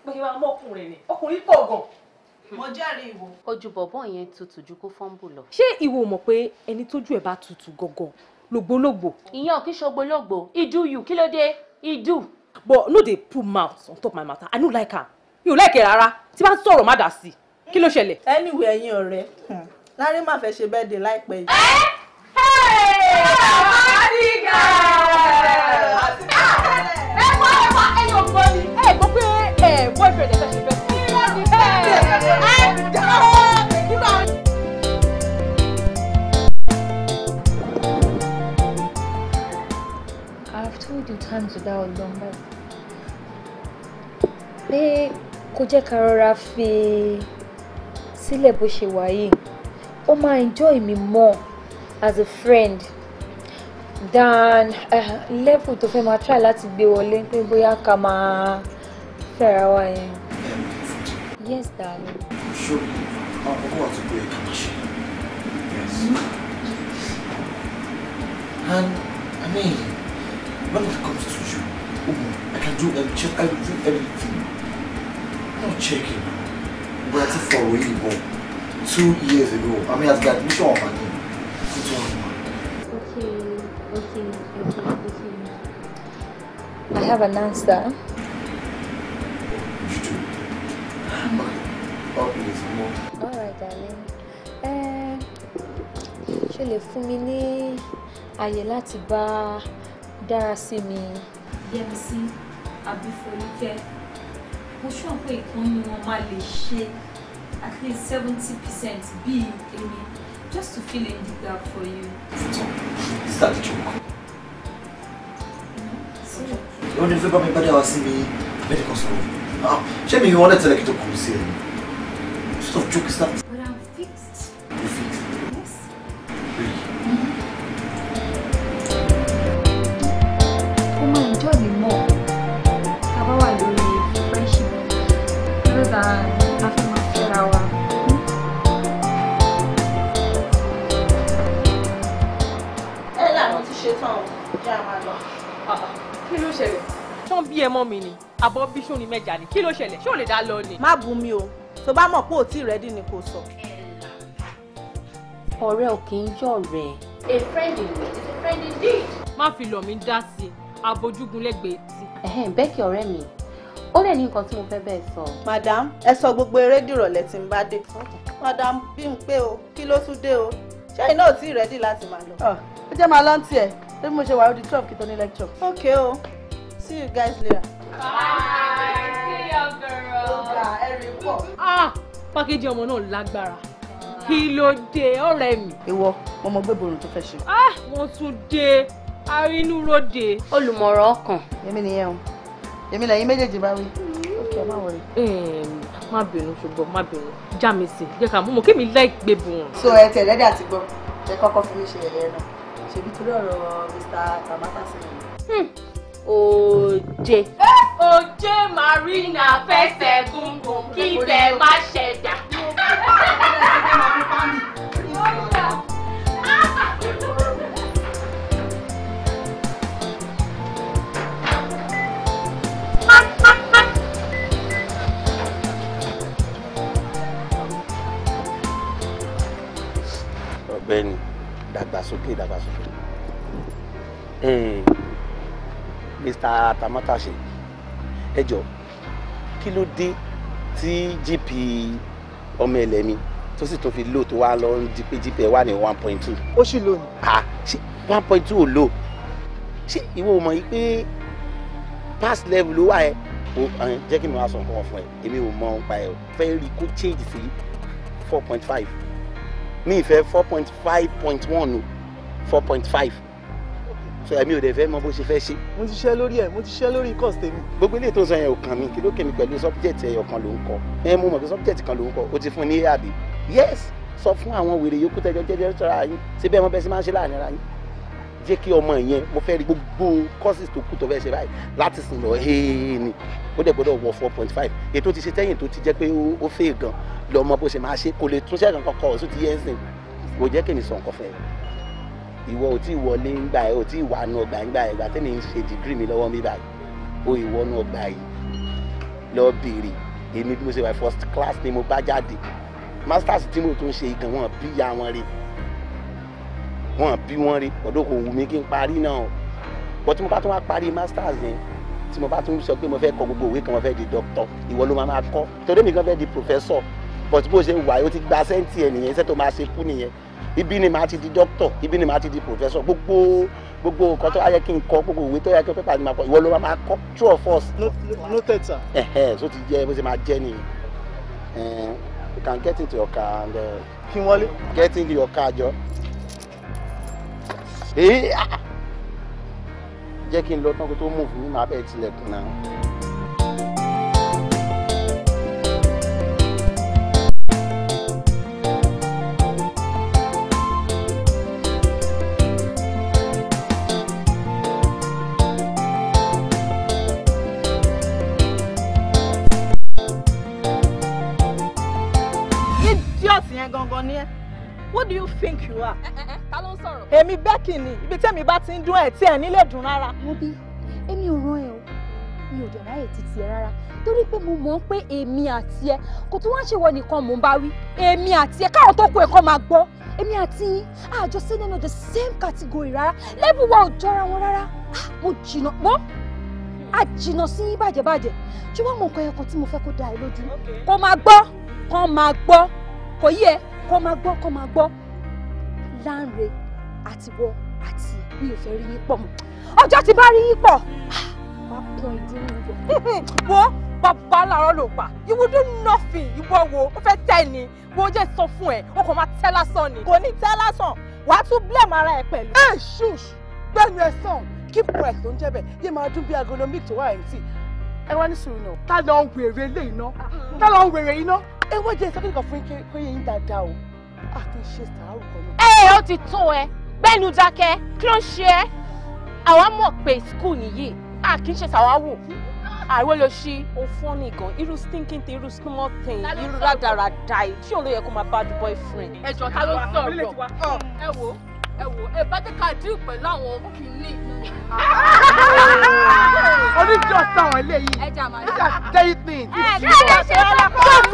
pé wàá mọ ọkùnrin ni ọkùnrin pọ̀ gan. mo jẹ́rìí ìwọ. ojú bọ̀bọ̀ yẹn tutù ju kó fọ́nbù lọ. ṣé ìwọ mọ̀ pé ẹni tójú ẹ̀ bá tutù gangan lògbólògbò. ìyẹn kì í ṣògbólògbò idu you kí ló dé idu. but no dey put mouth on top my matter i no like am mi ò like ẹ rárá tí bá sọ̀rọ̀ má dà sí i kí ló ṣẹlẹ̀. anyway ẹ̀yin ọ̀rẹ́ hmm, lárí má fẹ́ ṣe bẹ́ẹ̀ dé láìpẹ́ yìí. Eh? Ah! ẹ ẹ ọmọ nígbà ẹ wọ ẹ wọ ẹyin ògbọ́n ẹ gbọ́ pé ẹ eh, boyfriend ẹ fẹ́ ṣe bẹ́ẹ̀. hand to that ọlọ́run báyìí pé kó jẹ́ ká rọra fi sílẹ̀ bó ṣe wà yìí ó máa enjoy me more as a friend than uh, level tó fẹ́ máa try láti gbé wọlé pé bóyá ká máa fẹ́ra wa yẹn. yes darling. ṣó ọkọ yes mm-hmm. and i mean when it comes to you, I can do and check, I will do everything. Not checking. But for really bon. Two years ago, I mean, I've got admission on my name. Okay, okay, okay, okay. I have an answer. You do. Oh, please, more. All darling. Eh, ṣé le fumini mi ní àyè dára sí mi. Yẹmisí àbí Folúkẹ́ mo ṣọ́ pé ìkànnì wọn máa lè ṣe at least seventy percent bíi èmi just to feel in the gap for you. Start that a joke? Mm-hmm. Ó ní fẹ́ bá mi bá dáwà sí mi medical school. Ah, ṣé mi ìwọ́n lẹ́tẹ̀lẹ́ kí tó kù sí ẹ̀? What sort of joke is that? mẹ́jà ni kí ló ṣẹlẹ̀ ṣé ò lè dá lọ ni. má bú mi o tó bá mọ̀ pé ò tí ì ni kò sọ. ọ̀rẹ́ ò kì í yọ̀ rẹ̀. a friend in need is a friend indeed. má fi lọ̀ mí dá sí i abojúgun lẹ́gbẹ̀ẹ́ ti. bẹ́ẹ̀kì ọ̀rẹ́ mi ó lè ní nǹkan tí mo fẹ́ bẹ́ẹ̀ sọ. madam ẹ sọ gbogbo eré dìrọ̀lẹ́ tí ń bá dé. madam bí n pé o kí ló tún dé o ṣé iná ò tí ì rẹ́dí láti máa lọ. ó ah, jẹ́ máa lọ́ntì ẹ̀ lórí mo ṣe wà ó di twelve kí ní lecture. ok o see you guys later. Bye. See you, girl. Ọ̀gá ẹ̀rí pọ̀. Ah, pákéjì ọmọ náà lágbára. Kí ló dé ọ̀rẹ́ mi? Ìwọ, mo mọ gbẹ́bọ̀rùn tó fẹ́ ṣe. Ah, wọ́n tún dé. Arínú ròde. Olùmọ̀ràn ọkàn. Èmi nìyẹn o. Èmi lẹ́yìn méjèèjì bá wí. Ókè, má wọlé. Má bínú ṣùgbọ́n má bínú. Já mi sí. Jẹ́ ká mú mọ̀ kémi láì gbẹ́bọ̀rùn. So ẹ tẹ̀lé dà ti gbọ́. Ẹ kọ́kọ́ fi mí ṣe ẹ̀yẹ náà. Ṣèbí torí ọ̀rọ̀ Mr. Tamata sẹ́yìn. Hmm òjè. òjè marina fẹsẹ̀ gungun kí ibẹ̀ má ṣẹ̀dá. ọ̀gbẹ́ni dàgbàsókè dàgbàsókè. Mr. Tamátàṣe ẹ jọ kí ló dé tí GP ọmọ ẹlẹ́mi tó sì tún fi lò tó wá lọ di pé GP ẹ wà ní one point two. ó sì lò ní. ah ṣe one point two ò lò ṣé ìwọ ò mọ̀ yìí pé pass level ló wà ẹ o jẹ́ kí mi wá sọ nǹkan fún ẹ èmi ò mọ nípa ẹ o rí kó change sí four point five mi ìfẹ́ four point five point one o four point five so èmi ò dẹ̀ fẹ́ mọ bó ṣe fẹ́ ṣe. mo ti ṣe lórí ẹ mo ti ṣe lórí course tèmi. gbogbo ilé tó ń sọ yẹn ò kàn mí kí ló kẹ́mi pẹ̀lú subject ẹyọ kan ló ń kọ ẹ mo mọ̀ pé subject kan ló ń kọ o ti fún ní àbí yes sọ fún àwọn wèrè yòókù tẹjọ jẹjẹ sọra yín síbẹ̀ wọn bẹ́ẹ̀ sì máa ń ṣe láàrin ara yín jẹ́ kí ọmọ yẹn mo fẹ́ rí gbogbo courses tó kù tó fẹ́ ṣe báyìí láti sìn lọ hee ni ó dẹ̀ gbọ́dọ̀ wọ four point five ètò ti ṣe tẹ́yìn tó ti jẹ́ pé ó fẹ́ gan lọ́mọ bó ṣe máa ṣe kò lè túnṣẹ́ kankan kọ́ ọ̀ sóti yẹn sìn kò ìwọ ò tí ì wọlé ń gbà ẹ ò tí ì wà nù ọgbà ń gbà ẹ ìgbà tẹ́mi ń ṣe dìgírì mi lọ́wọ́ mi báyìí o ìwọ nù ọgbà yìí lọ bèrè èmi bí mo ṣe wà first class ni mo bá jáde masters tí mo tún ṣe ìgàn wọn bí ya wọn rí wọn bí wọn rí ọ̀dọ̀ kò wù mí kí n parí náà bọ́ tí mo bá tún wá parí masters yẹn tí mo bá tún sọ pé mo fẹ́ kọ gbogbo òwe kan mo fẹ́ di doctor ìwọ ló máa máa kọ́ torí mi kan fẹ́ di professor but bó ṣe wà ó ti gba sẹ́ǹtì ẹ̀ nìyẹn iṣẹ́ tó máa ṣe kú nìyẹn ibi ni màá ti di doctor ibi ni màá ti di professor gbogbo gbogbo nǹkan tó yẹ kí n kọ gbogbo ìwé tó yẹ kí n pépà ni màá kọ ìwọ ló máa kọ true or false. noted sir. ẹhẹ so ti jẹ bó ṣe máa jẹ nìyí you can get into your car and. Uh, kí n wọlé. get into your car jọ. èyí eh, ah, ah. jẹ́ kí n lọ tán kó tó move ní màá bẹ́ẹ̀ tilẹ̀kùn náà. ìlú wa. Eh, eh, eh, ta ló ń sọ̀rọ̀. èmi bẹ́ẹ̀kì ni ibi tẹ́mi bá ti ń dún ẹ̀ tí ẹ̀ nílé dùn rárá. wọ́n bí èmi ò rán ẹ o mi ò dẹ̀ ráyè títí ẹ rárá torí pé mo mọ̀ pé èmi àti ẹ kò tún wáá ṣe wọ nìkan mò ń bá wí èmi àti ẹ káwọn tó kù ẹ kọ́ máa gbọ́ èmi àti yín àjọ sí the same category rárá lẹ́bù wa ò jọra wọn rárá mo jìnnà mọ́ àjìnà sí yín bàjẹ́bàjẹ́ ṣùgbọ́n mo nǹkan ẹ̀kan tí mo fẹ́ kó da ẹ lójú kó máa gbọ́ kó máa gbọ́ kò yẹ kó máa gbọ́ kó máa gbọ́ Láńre àtiwọ àti mi ò fẹ́ rí yín pọ̀ mọ́ ọjọ́ tí bá rí yín pọ̀ wá pọn ìdí nìyẹn. *laughs* wo bàbá làárọ̀ ló pa you would do nothing ìwọ wo ó fẹ́ tẹ̀ ni wo jẹ́ sọ fún ẹ o kò máa tẹ́ lásán ni. kò ní tẹ́ lásán wàá tún blame ara ẹ pẹ̀lú. ẹ ṣùṣ gbẹ̀nu ẹ sàn keep quiet ló ń jẹ́ bẹ́ẹ̀ yé máa dún bí agolo milk tó wà ẹ̀ ń tì ẹ wá ní sùúrù náà. ká lọ ń wèrè ilé iná ká lọ ń wèrè iná. ewé jẹ́ sọ́kìtì kan fún yín dáadáa o àti ṣe sàárù kan ní. ẹ ó ti tún ẹ gbẹnu dákẹ́ kí ló ń ṣe ẹ àwa mọ̀ pé skul nìyí a kì í ṣe sàwáwò àìwé ló ṣí. o fún ní gan irú stinking thing irú small thing irú rádaràda yìí tí òun ló yẹ kó máa bad boyfriend. ẹ jọ ta ló sọ̀rọ̀ ẹ wo ẹ wo ẹ bá jẹ́ ká dín pẹ̀lú àwọn kìíní. oníjọ sáwọn eléyìí ẹ jà máa ṣe. ẹ jà tẹ́yìn pin. ẹ kí ló dé ṣe é lọ́kọ́.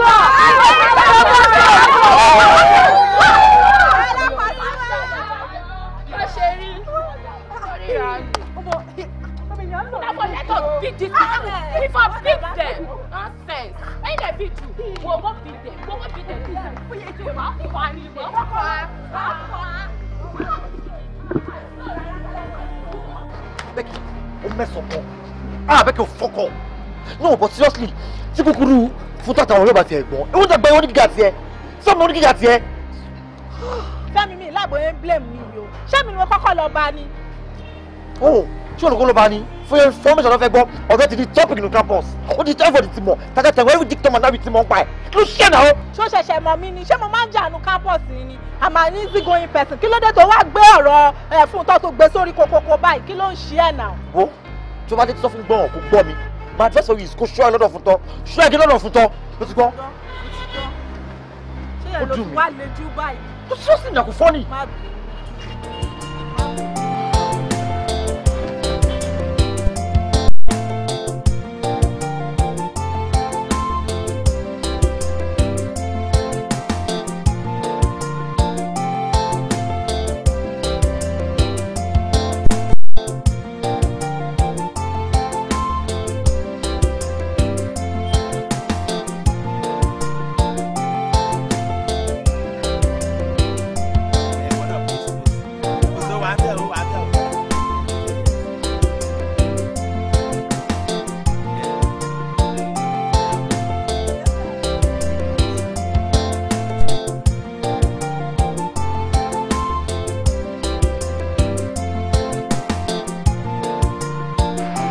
but seriously tí kúkúrú fún tàtà àwọn ọlọ́ba tiẹ̀ gbọ́n ewu tẹ gbẹ́ wọn ní gíga tiẹ̀ sọ́ọ̀mù ní gíga tiẹ̀. fẹ́mi mi láàbò yẹn blame mi o ṣé mi ni mo kọ́kọ́ lọ bá ni. Oh, o ṣé olùkọ́ ló bá ni fún yẹn fọ́mẹ́sàn lọ́fẹ́ gbọ́ ọ̀rẹ́ ti di topic ní campus ó di everybody ti mọ̀ tàtà tẹ̀wọ́ every dick tọ́mọ̀ náà ti mọ̀ ń pa ẹ̀ kí ló ṣe náà. ṣó ṣẹ̀ṣẹ̀ mọ̀ mí ni ṣé mo máa ń jàánu campus ni àmà ní easy going person kí ló dé tó wá gbé ọ̀rọ̀ ẹ̀ eh, fún tọ́ tó gbé sórí kokoko báyìí kí ló ń ṣe ẹ̀ náà. wo tí o bá dé tí sọ fún gbọ́n kó gbọ́ mi my advice for you is go show ẹ lọ́dọ̀ fún tọ́ show ẹ gé lọ́dọ̀ fún tọ́ ló ti gbọ́. ó dùn mí. ṣé ẹ lọ wá lójú báyìí. ó sọ́ọ̀sì ìyàkùn fọ́ọ̀nì. má bínú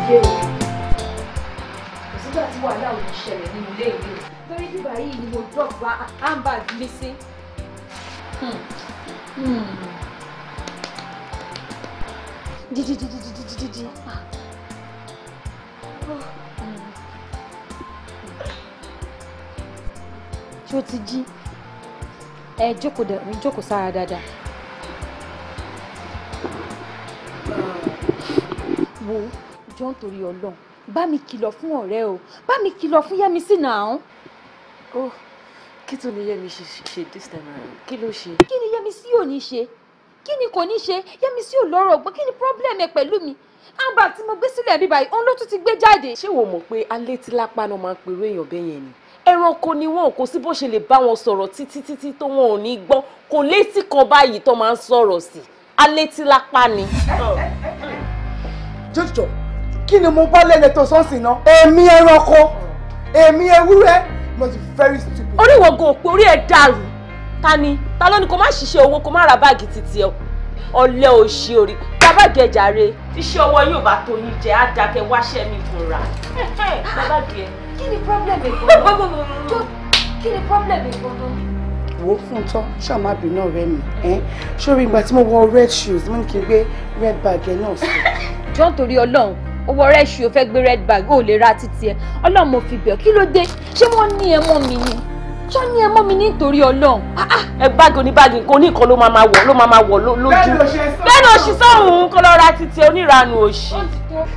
dé o kò sígbà tí wàhálà ò ní ṣẹlẹ̀ nínú ilé ìwé lórí bíbá yìí ni mo drop wa handbag mi sí. dídídídídídídí tí ó ti jí ẹ jókòó sára dáadáa. wo jọ ń torí ọlọ́run bá mi kìlọ̀ fún ọ̀rẹ́ o bá mi kìlọ̀ fún Yẹ́misí náà. ó kí tó ní Yẹ́misí ṣe this time around kí ló ṣe. kí ni Yẹ́misí ò ní ṣe kí ni kò ní ṣe Yẹ́misí ò lọ́rọ̀ ọgbọ́n kí ni problem ẹ pẹ̀lú mi àbá tí mo gbé sílẹ̀ bíbá yìí òun ló tún ti gbé jáde. ṣé wo mọ̀ pé alẹ́ tí lápá náà máa ń pèrò èèyàn bẹ́ẹ̀ yẹn ni ẹranko ni wọn kò sí bó ṣe lè bá wọn sọ̀rọ̀ títí títí tó wọn ò ní gbọ́ kò létí kan báyìí tó máa ń sọ̀rọ̀ sí alétí lápá ni. jọjọ kí ni mo bá lẹ́nu tó sọ́ọ̀sì náà èmi ẹranko èmi ewúrẹ́ must be very stupid. oríwọ̀ gan òpin orí ẹ̀ dàrú ta ni ta ló ní kó má ṣiṣẹ́ owó kó má ra báàgì títí ẹ̀ ọ̀lẹ́ òṣì orí bàbá gẹ̀jà re iṣẹ́ ọwọ́ yóò bá tóyin jẹ́ á wáṣẹ́ mi fún ra kí ni problem ìgbọ́dọ̀ kí ni problem ìgbọ́dọ̀. wo fún tán ṣàmà bínú ọ̀rẹ́ mi sórí ìgbà tí mo wọ red shoes mo ní kí n gbé red bag ẹ náà sí. jọ́n torí ọlọ́run owó rẹ̀ ṣì o fẹ́ gbé red bag o lè ra títí ẹ ọlọ́run mo fi bẹ̀ kí ló dé ṣé wọ́n ní ẹ mọ́ mi ni ṣá ni ẹ mọ́ mi nítorí ọlọ́run ah, ah, ẹ báàgì oníbáàgì kò ní nǹkan ló máa wọ̀ ló máa wọ̀ lójú bẹ́ẹ̀ òṣì sọ̀hún kó lọ́ọ́ ra títí oníranù òṣì.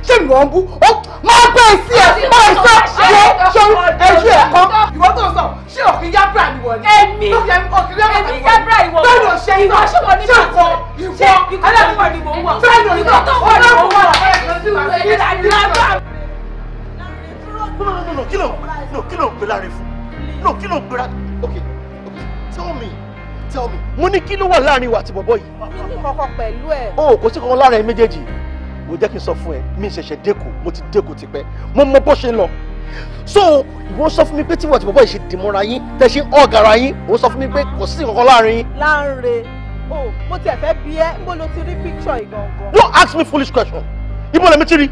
ṣé ìwọ ń bú ó máa gbé e sí ẹ máa ń sọ ṣe ṣe ẹjú ẹ kọ. ìwọ tó sọ ṣé òkè yábra ìwọ ni. èmi èmi yábra ìwọ ni. bẹ́ẹ̀ ni òṣè ìwọ ṣé wọn ní ìwọ ṣé aláìwọ ni mò ń wà. bẹ́ẹ̀ ni ìwọ tó wọ ni mò ń wà no kí ló ń gbéra ok ok tell me tell me mo ní kí ló wà láàrin wa àti bọ̀bọ̀ yìí. mi ní kankan pẹ̀lú ẹ̀. o kò sí kankan lára ẹ méjèèjì mo jẹ́ kí n sọ fún ẹ mi ṣẹ̀ṣẹ̀ dẹ́kù mo ti dẹ́kù tipẹ́ mo mọ bó ṣe lọ so ìwọ sọ fún mi pé tí wọ́n ti bọ̀bọ̀ yìí ṣe dìmọ́ra yín tẹ́ ṣe ọ̀gàrà yín òun sọ fún mi pé kò sí kankan láàrin yín. láǹre o mo tiẹ̀ fẹ́ bi ẹ́ mo lo ti rí picture ìgangan. don't ask me foolish question ibo lèmi ti rí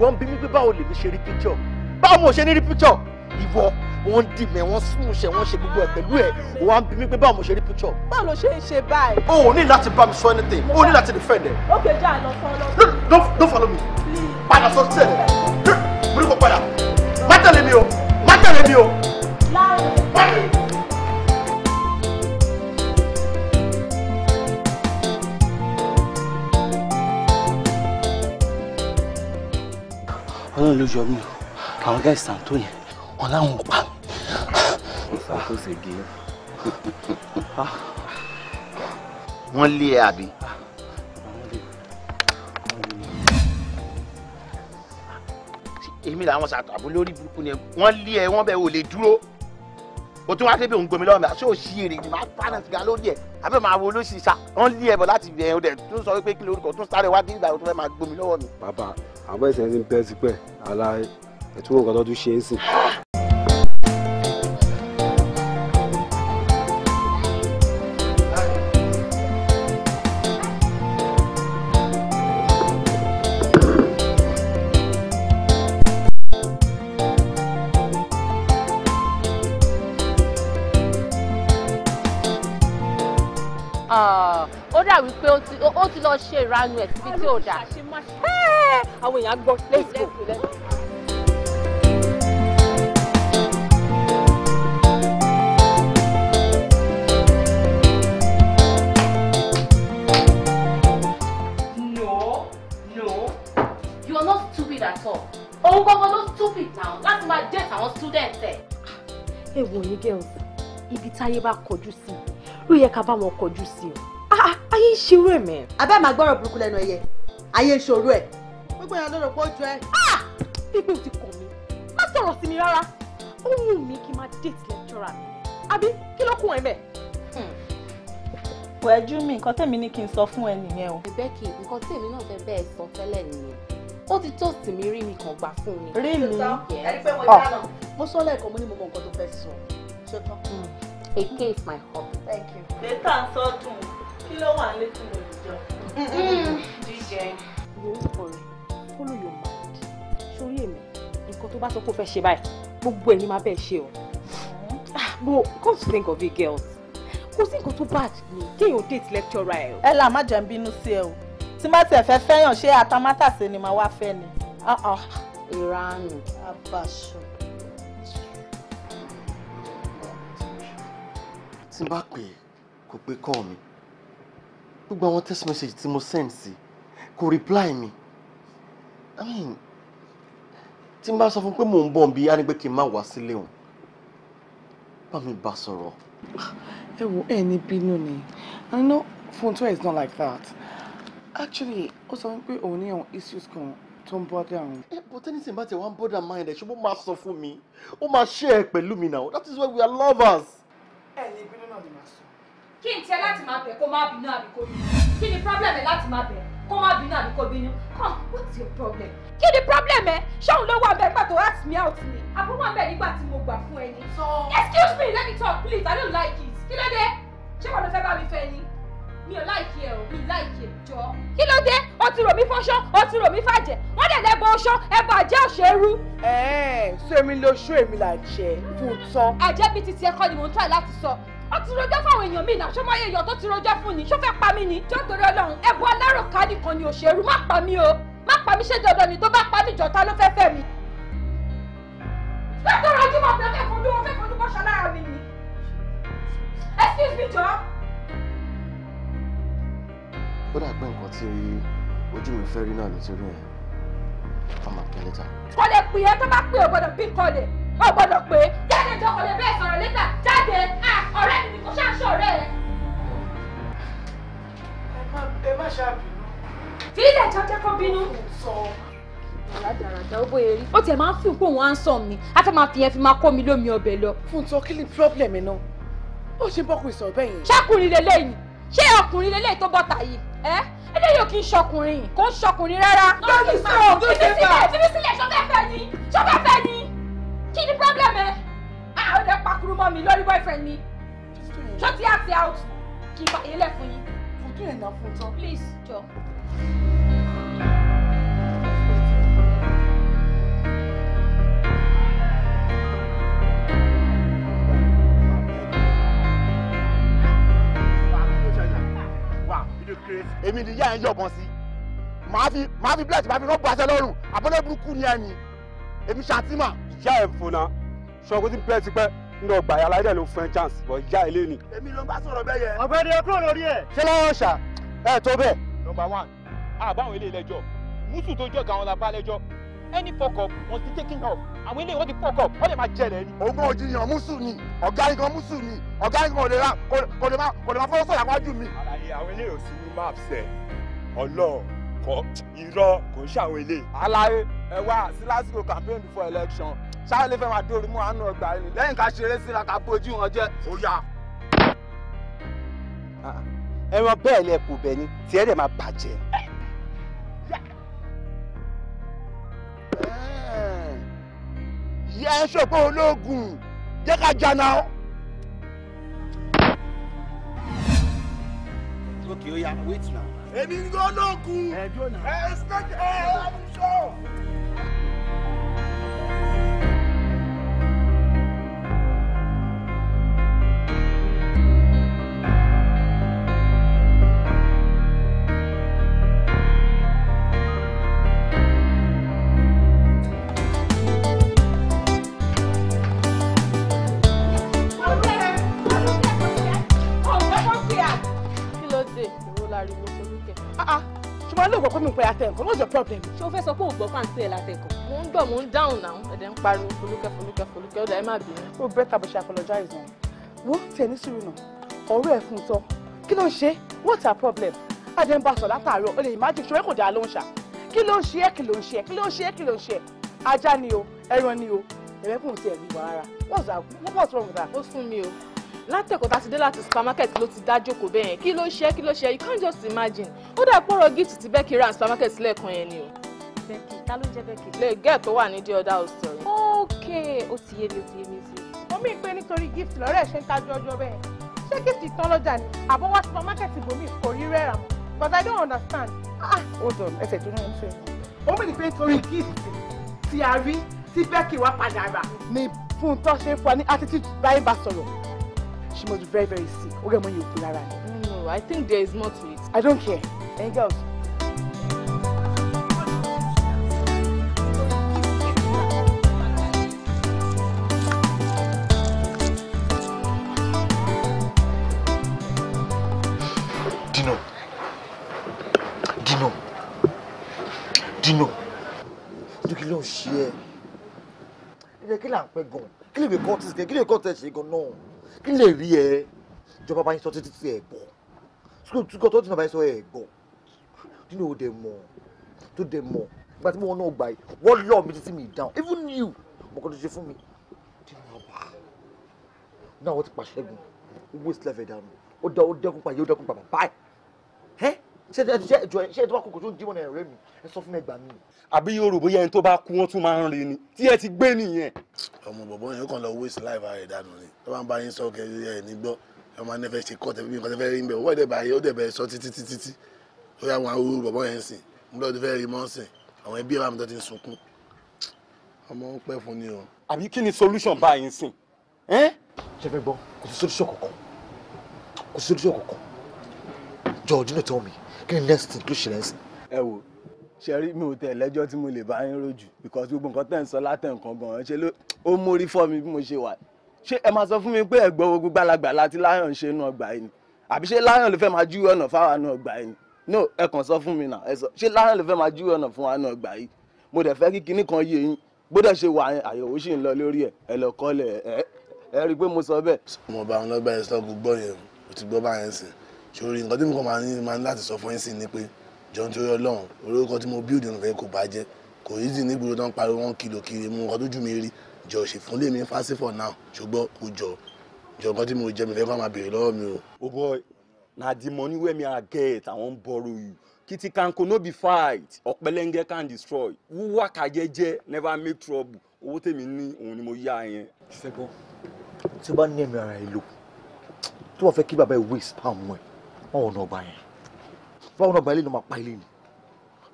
wọ́n bí mi pé báwo lèmi ṣe rí picture báwo mo ṣe ní rí picture ìwọ wọ́n dì mẹ́ wọ́n sún ṣe wọ́n ṣe gbogbo ẹ̀ pẹ̀lú ẹ̀ wọ́n á bí mi pé báwo mo ṣe rí picture. báwo ló ṣe ń ṣe báyìí. o ò ní láti bá mi sọ anything o ò ní láti defend ẹ. ó kejì àlọ́ fọlọ́. no don't don't follow me. padà sọ sí ẹ̀ mo ní kó padà má tẹ̀lé mi o má tẹ̀lé mi o. láàrin. má tẹ̀lé mi. ọlọ́run ló yọ mí o àwọn gáàsì tàn tó yẹn wọn láwọn ò pa. ṣàkóso gé wọ́n lé ẹ àbí. èmi làwọn ṣàtọ̀ àbúlé orí burúkú ni wọ́n lé ẹ wọ́n bẹ̀ wò lè dúró o tún wá débi òun gbomi lọ́wọ́ mi àti òsì èrè ni màá pàdán ti ga lórí ẹ̀ àbẹ́ màá wo olóṣì sa wọ́n lé ẹbọ láti ibẹ̀ ẹ̀hún dẹ̀ tún sọ pé kí lórúkọ tún sáré wá dígbà tó fẹ́ máa gbomi lọ́wọ́ mi. bàbá àwọn ẹsẹ̀ ń bẹ́ẹ̀ sípẹ́ àlà ẹ̀tún nǹkan tó ṣe é sìn. dà wípé ó ti lọ ṣe ìranu ẹ̀ síbi tí ò dà. àwọn èèyàn gbọ́ let's go. gbogbo ló stupid now láti máa date àwọn students ẹ. ẹ wò girls ibi táyé bá kọjú sí ló yẹ ká bá wọn kọjú sí o ayé ń ṣerú ẹ̀ mẹ́. abẹ́ máa gbọ́rọ̀ burúkú lẹ́nu ẹyẹ ayé ń ṣòro ẹ̀. gbogbo èèyàn ló rò pé ó jọ ẹ. pípé ah! ò ti kàn mí má sọ̀rọ̀ sí mi rárá ó wù mí kí n máa déètì lẹ́kítọ́rà mi àbí kí ló kún hmm. ẹ mẹ́. kò ẹjú mi nǹkan tẹ̀mí ní kí n sọ fún ẹ nìyẹn o. Becky nǹkan tèmi náà fẹ́ bẹ́ẹ̀ sọ fẹ́lẹ̀ nìyẹn ó ti tó sì mí rí mi kàn gbà fún mi. rí mi mo sọ lẹ́ẹ̀kan mo ní mo mọ nǹkan tó fẹ́ sọ ṣetán. Eke hmm. my hobby. thank you. later sọ dùn kí ló wà ní kí mo jọ jíjẹ. yorùbá rẹ follow your mind sórí èmi nǹkan tó bá sọ pé ó fẹ́ ṣe báyìí gbogbo ẹ̀ máa bẹ́ẹ̀ ṣe o but ah, come to think of it girls kò sí nǹkan tó bad ni kéèyàn date lecturer ẹ o. ẹ là má jẹun bínú sí ẹ o tí má tiẹ̀ fẹ́ fẹ́yàn ṣé atamátàsé ni màá wá fẹ́ ni. Ah, ah. ìranù abaṣọ. tí n bá pè é kò pé kọ́ mi gbogbo àwọn text message tí mo send sí kò reply mi i mean tí n bá sọ fún pé mò ń bọ̀ bí arígbé kí n má wá sílé òun bá mi bá sọ̀rọ̀. ẹ wo ẹ ní bínú ni i know phone Funtua is not like that actually ó sọ wípé òun ní àwọn issues kan tó ń bọ́dà òun. ẹ bọ́ tẹ́nísì bá ti wá ń bọ́dà mind ẹ̀ ṣùgbọ́n ó máa sọ fún mi ó máa share pẹ̀lú mi now that is why we are lovers. ẹ ní bínú náà ni màá sọ kí n tiẹ̀ láti máa bẹ̀ kó má bínú àbí kó bínú kí ni problem ẹ láti máa bẹ̀ kó má bínú àbí kó bínú come what's your problem. kí ni problem ẹ ṣóun ló wà bẹ́ẹ̀ pàtó ask me out ni àbúrò wà bẹ́ẹ̀ nígbà tí mo gbà fún ẹni. excuse me let me talk please i don't like it kí ló dé ṣé wọn ló fẹ́ bá mi fẹ́ ni mi ò láìkí ẹ o mi láìkí ẹ jọ. kí ló dé o ti rò mí fọṣọ o ti rò mí fàjẹ wọn dẹ̀ lẹ́bọ ọṣọ ẹbọ àjẹ́ òṣèrú. ẹ̀ẹ́n sọ èmi lóṣù èmi là jẹ́ fún tán. àjẹ́ bíi ti tiẹ̀ ni mò ń tọ́ ẹ̀ láti sọ ó ti rojọ́ fáwọn èèyàn mi náà ṣọmọ èèyàn tó ti rojọ́ fún ni ṣó fẹ́ pa mí ni tí ó torí ọlọ́run ẹ̀bù aláròká nìkan ni òṣèlú má pa mí o má pa mí ṣé dandan ni tó bá pa mí jọ̀ta ló fẹ́ fẹ́ mi. ṣé tó rọjú mọ̀ pé fẹ́ fojú ó fẹ́ fojú bọ́ṣọ lára mi ni. excuse me jọ. ó dàgbé nǹkan tí ojú mi fẹ́ rí náà nítorí ẹ̀ ọmọ pẹ̀lẹ́ta. kọ́lẹ̀ pè é tó bá pè ó gbọ́dọ̀ bí kọ́lẹ̀ ọ gbọ́dọ̀ pé jáde jọkọ̀ lè bẹ́ẹ̀ sọ̀rọ̀ lẹ́tà jáde ọ̀rẹ́ mi ni kò ṣáà ṣọ̀rẹ́ ẹ. ẹ má ṣáà bínú. fi ilẹ̀ jọjẹ́ kó bínú. sọ rádaràdà ó bóyá rí ó tiẹ̀ máa ń fi òpó òun á ń sàn mi á fẹ́ máa fi yẹn fi máa kọ́ mi lómi ọbẹ̀ lọ. fún tọ́ kí ni problem náà ó ṣe bọ́kùn ìsọ̀ bẹ́ẹ̀ yẹn. ṣákùnrin lélẹ́yìn ṣé ọkùnrin lélẹ́yìn tó bọ́ta yìí ẹ́ eléyìí ò kí ń ṣọkùnrin kò ń ṣọkùnrin rárá. lọ́ọ̀dì sọ̀rọ̀ tó ṣe fà. fífi sílẹ̀ fífi sílẹ̀ ṣọ́fẹ́fẹ́ ni ṣọ́fẹ́fẹ́ ni kí ni problem ẹ àwọn ọdẹ pakuru mọ mi lórí boyfriend mi ṣọtí àti out kì í fàyè lẹ fún yín. fojú ẹ̀ náà fún tán. please jọ. èmi ni ìyá ẹ̀ ń yọ̀bọ̀n sí màá fi màá fi blẹ́ẹ̀tì màá fi rán bàṣẹ lọ́rùn àbọ̀lẹ́ burúkú ni ẹ̀ ni èmi ṣàtìmọ̀ ìyá ẹ̀ fún na ṣọkú ti pẹ́ ti pẹ́ nínú ọgbà yàrá ẹ̀dẹ̀ ló fún ẹ chance bọ̀ ìyá ẹ̀ lẹ́nu. èmi ló ń bá sọ̀rọ̀ bẹ́ẹ̀ yẹn. ọ̀gbẹ́ni ẹ kúrò lórí ẹ̀. ṣé lọ́wọ́ ṣà ẹ tó bẹ́ẹ̀. number one àbáwọn ilé ilẹjọ mùsùn tó jọ gàwọn làbá lẹjọ any fuck up must be taken off àwọn ilé ìwọ́n ti fuck up wọ́n lè máa jẹrẹ ni. ogún òjìyàn mùsùn ni ọ̀gá igan mùsùn ni ọ̀gá igan ò lè ra kò lè máa kò lè máa fọwọ́ sọ̀rọ̀ àwájú mi. àlàyé àwọn ilé òsì ní maps ẹ ọlọ́ọ̀ kọ irọ́ kò ń ṣàwọn ilé. àlàyé ẹ wá sí lásìkò campaign before election ṣáà lè fẹ́ máa dórí mú àánú ọgbà ẹni lẹ́yìn ká ṣeré síra ká bójú wọn jẹ́ ó yá. Ah, ẹran bẹ́ẹ̀ ni ẹ kò bẹ̀ ni tí ẹ dẹ̀ máa bàjẹ́. yẹ ẹ ṣòpó olóògùn jẹ́ ká jana ọ́. okay ó yá wait now. èmi ń gbọ́ olóògùn ẹ̀ ẹ́ ṣẹ́jẹ̀ ẹ̀ ẹ́ ṣọ́. ariwo olókè. Ah, ah, ṣùgbọ́n ilé ìwọ̀ pé mi ń pẹ́ atẹ́ǹkan what's your problem. ṣé o fẹ́ sọ pé òun gbọ́ pàǹtí ẹ̀ látẹ̀kọ̀. mo ń gbọ́ mo ń dáhùn náà ẹ̀dẹ̀ ń pariwo folúkẹ́ folúkẹ́ folúkẹ́ ó dà ẹ má bínú. ó bẹ́ tàbí ṣe apologize wọn. wo tiẹ̀ ní sùúrù náà ọ̀rọ̀ ẹ̀ fún tọ́ kí ló ń ṣe what's her problem. adé ń bá sọ látàárọ̀ o lè imagine ṣùgbọ́n kò dáa ló ń ṣà kí ló ń ṣe ẹ́ kí ló ń ṣe ẹ́ kí ló ń ṣe ẹ́ kí ló ń ṣe ẹ́ ajá ni o ẹran ni o ẹ̀rẹ́kùn ti ẹ̀ wíwọ rárá what's wrong with that. ó sún mi o látẹ̀kọ́ tá a ti dé láti supermarket ló ti dá jókòó bẹ́ẹ̀ yẹn kí ló ṣe kí ló ṣe you can't just imagine ó dà pọ̀rọ̀ gift ti Becky ra supermarket lẹ́ẹ̀kan yẹn ni o. Becky ta ló jẹ́ Becky. lè gẹ́ tó wà ní the other hostel. ok ó ti yé mi ó ti yé mi sí. mo mí pé nítorí gift lọ́rẹ́ ṣe ń tajú ọjọ́ bẹ́ẹ̀ ṣé gift tán lọ́jà ni àbọ̀ wá supermarket bòmí kò rí rẹ́ra but I don't understand. ah hold on ẹsẹ̀ tó náà ń ṣe. ó mì ní pé nítorí gift ti a rí tí Becky wá padà rà ni fún tó ṣe fún wa ní She must be very, very sick. Okay, when you pull her out. No, I think there is more to it. I don't care. Any girls? Dino. Dino. Dino. Look kí ló ń ṣe ẹ́? Kí lè kí là ń pẹ́ gan-an? Kí lè kọ́ tí kí kí lè rí ẹ ìjọba bá yín sọ títí tí ẹ gbọ́ sukùl tukọ̀ tó ti nàbà yín sọ ẹ gbọ́ nínú òde mọ̀ tó dé mọ̀ ìgbà tí mo náà gbà yìí wọ́n lọ mi títí mi down even you mo kọ́ tó ṣe fún mi dínú ọba náà wọ́n ti pàṣẹ́gun owó ìsìlẹ̀ fẹ̀ dànù ó dẹ́kun pa yìí ó dẹ́kun pa bàbá ẹ̀ ṣé ẹ ṣe ẹjọ ṣé ẹ tó bá kókò tó ń dímọ̀ náà rẹ mi ẹ sọ fún ẹgbà mi. àbí yorùbá yẹn tó bá kú wọn tún máa ń rí ni tí ẹ ti gbé nìyẹn. ọmọ bọ̀bọ̀ yẹn kàn lọ waste life ara ẹ̀ dànù ni tó bá ń bá yín sọ kẹrin ẹ̀ ní gbọ́ ẹ máa nẹ́fẹ̀ẹ́ ṣe kọ́ tẹ̀bí nǹkan tẹ́fẹ́ rí bẹ́ẹ̀ wọ́n dẹ̀bẹ̀ ó dẹ̀bẹ̀ sọ títí títí tí ó mi me kí ni next sí. ẹ wo ṣe rí mi ò tẹ lẹ́jọ́ tí mo lè bá yín rojú because gbogbo nǹkan tẹ̀ ń sọ látẹ̀ nǹkan gan-an ṣe ló ó mórí fọ́ mi bí mo ṣe wà ṣé ẹ máa sọ fún mi pé ẹ̀gbọ́n ogun gbalagbà láti láyọ̀n ṣe inú ọgbà yìí ni àbí ṣé láyọ̀n ló fẹ́ máa jú ọ̀nà fáwa inú ọgbà yìí ni no ẹ kàn sọ fún mi náà ẹ sọ ṣé láyọ̀n ló fẹ́ máa jú ọ̀nà fún wa ọgbà yìí mo dẹ̀ fẹ́ kí kinní kan yé yín gbọ́dọ̀ ṣe wà àyẹ̀wò ṣì ń lọ lórí ẹ̀ ẹ lọ kọ́lẹ̀ ẹ ẹ rí i pé mo sọ bẹ́ẹ̀. ọmọ ọba àwọn ọlọ́gbà yẹn sọ gbogbo yẹn o ti gbọ́ báyẹn sìn sori nǹkan tí mo kàn máa ní máa ń láti sọ fún yín sí ni pé jọ̀ọ́ torí ọlọ́run orúkọ tí mo build nìfẹ́ kò bàjẹ́ kò yí sí nígboro tó ń pariwo wọn kìlò kiri mu nǹkan tó jù mí rí jọ̀ọ́ ṣe fún lèmi fásifọ̀ náà ṣùgbọ́n kò jọ̀ọ́ jọ̀ọ́ nǹkan tí mo jẹ mi fẹ́ fún àwọn abèrè lọ́wọ́ mi o. o oh boy na the money wey me i get i wan borrow you kiti kanko no be fight ọ̀pẹ̀lẹ́ngẹ́ can destroy wúwà kàjẹ́jẹ́ never make trouble owó tèmi ní òun ni mo yá yẹn. ṣùgbọ́n tí o bá ní ẹ̀mí ara ẹ̀ lò tí wọ́n fẹ́ kí bàbá ẹ̀ waste palm wẹ̀ báwo náà bá yẹn báwo náà bá ilé ni máa pa ilé ni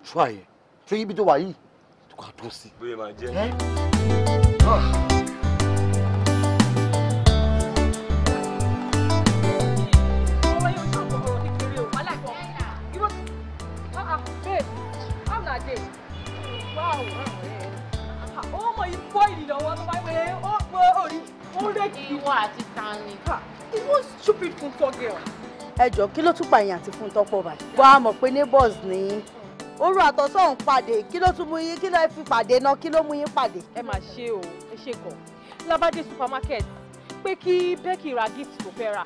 ṣú àyẹ ṣé ibi tó wà yìí tó kà tó sí. bóyá máa jẹ. Ah, ah, eh. ọmọ yìí bọ́ ìdìdọ̀wọ́ tó bá pẹ́ ó pé orí ó rẹ̀ kí. ìwọ àti tani. it was stupid football girl ẹjọ kí ló tún pààyàn àti fún tọpọ báyìí. wà á mọ̀ pé neighbors ní òru àtọ̀sọ́hún pàdé kí ló tún mú yín kí ló fi pàdé náà kí ló mú yín pàdé. ẹ mà ṣe o ẹ ṣe kọ lábàdé supermarket pé kí Becky ra gift tó fẹ́ rà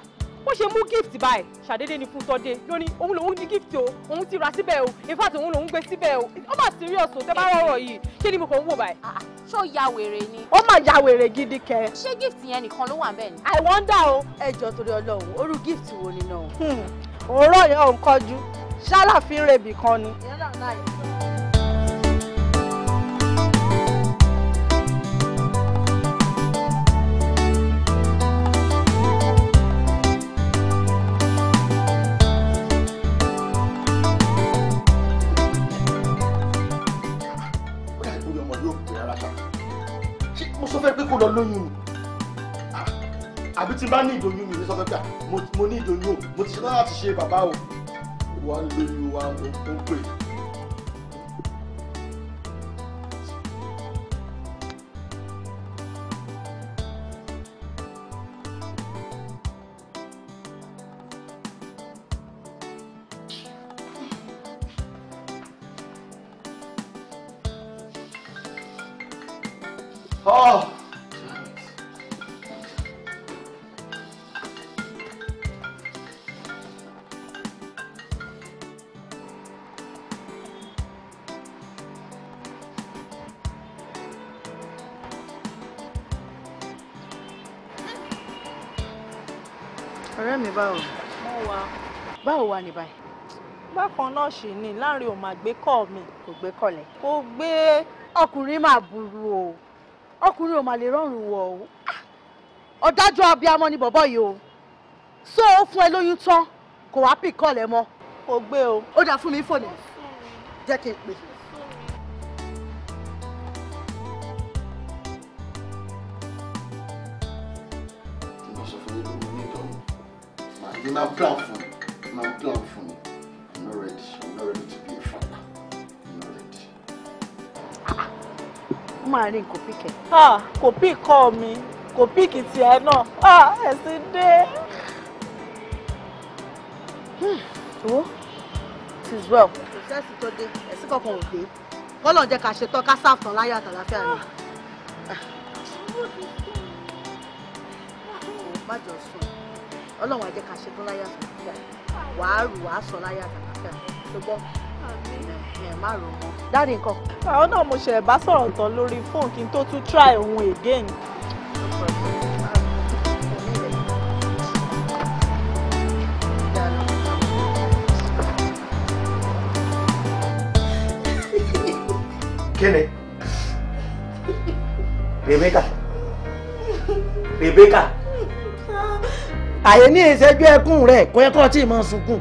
bó ṣe mú gift báyìí ṣàdédé ni fún tọ́dé lónìí òun lòun ní gift o òun ti ra síbẹ̀ o in fact òun lòun gbé síbẹ̀ o ó mà serious o tẹ́ bá rọ̀rọ̀ yìí ṣé ni mo kàn ń wò báyìí. Ah, ah, ṣó ya wèrè ni. ó mà ya wèrè gidi kẹ. ṣé gift yẹn nìkan ló wà bẹ́ẹ̀ ni. i wonder o ẹjọ torí Ọlọ́run orú gift wo ni náà. Hmm, òórọ̀ yẹn ò ń kọjú ṣálàfin rebì kan ni. ìyá náà náà yẹ fẹ́ pé kó lọ lóyún mi àbí tí bá ní ìdòyún mi ní sọ pé ah, mo ní ìdòyún mo ti ṣe láti ṣe bàbá o wà lóyún wa ó pè é. wà ní báyìí. bákan náà ṣì ni láàrin òun àgbékọ́ mi. kò gbé kọ̀lẹ̀. kò gbé ọkùnrin máa burú o ọkùnrin ò mà lè rọrùn wọ o ah! ọ̀dájú abiyamọ ni bọ̀bọ̀ yìí o so ó fún ẹ lóyún tán kò wá pì kọ́lẹ̀ mọ́. kò gbé o. ó dà fún mi fòní jẹ́ kí n pè. ní máa plan fún my plan for me. I'm not ready. I'm not ready to be a father. I'm not ready. Ó máa rí nǹkan píkẹ́. Kò pí kọ́ mi, kò píkì tiẹ̀ náà. Ẹ̀sìn Hmm. Wo? Oh, it is well. Kò sẹ́sì tó dé, ẹ̀sìn kankan ò dé. Kọ́lọ̀ jẹ́ ká ṣetán ká sáfàn láyé àtàlàfíà ni. Má jọ sùn. Ọlọ́run á jẹ́ ká ṣetán láyé àtàlàfíà wàá rù wàá sọ láyà àtàlàfíà ṣùgbọ́n ẹ má rò mọ́ dáàdi nǹkan. àwọn náà mo ṣe bá sọ̀rọ̀ tán lórí fóònù kí n tó tún try òun again. kíni Rebecca Rebecca àyè ní ìṣẹ́jú ẹkún rẹ̀ kò yẹ kó tí ì máa sunkún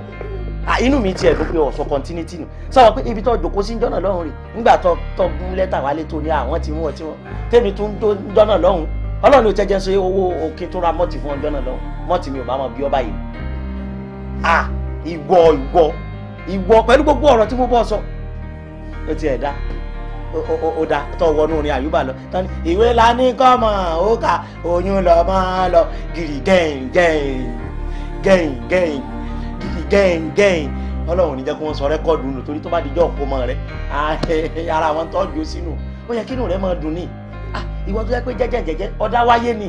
inú mi tiẹ̀ ló pé ọ̀sọ̀ continuity ni sọ pé ibi tó jòkó sí jọ́nà lọ́hùn rè nígbà tó tó gún lẹ́tà wálé tó ní àwọn tí wọ́n tí wọ́n tèmi tó ń jọ́nà lọ́hùn ọlọ́run ló jẹ́jẹ́ sọ owó òkín tó ra mọ́tì fún ọjọ́ lọ́hùn mọ́tì mi ò bá mọ̀ bí ọba yìí à ìwọ ìwọ ìwọ pẹ̀lú gbogbo ọ̀rọ̀ tí mo bọ́ sọ ó ti ẹ̀ dá ó da tó wọnú orin àyùbá lọ tani ìwé la ní kọ́mọ̀ ó kà oyún lọ máa lọ gírì gẹ̀yìn gẹ̀yìn gẹ̀yìn gẹ̀yìn gírì gẹ̀yìn gẹ̀yìn ọlọ́run ní jẹ́ kó wọ́n sọ rẹ́kọ́ọ̀dù nù torí tó bá dijọ́ ọ̀pọ̀ mọ́ rẹ ara wọn tọ́jú sínú ó yẹ kínú rẹ máa dùn ní ah, ìwọ tó yẹ pé jẹ́jẹ́ jẹ́jẹ́ ọ̀dá wáyé ni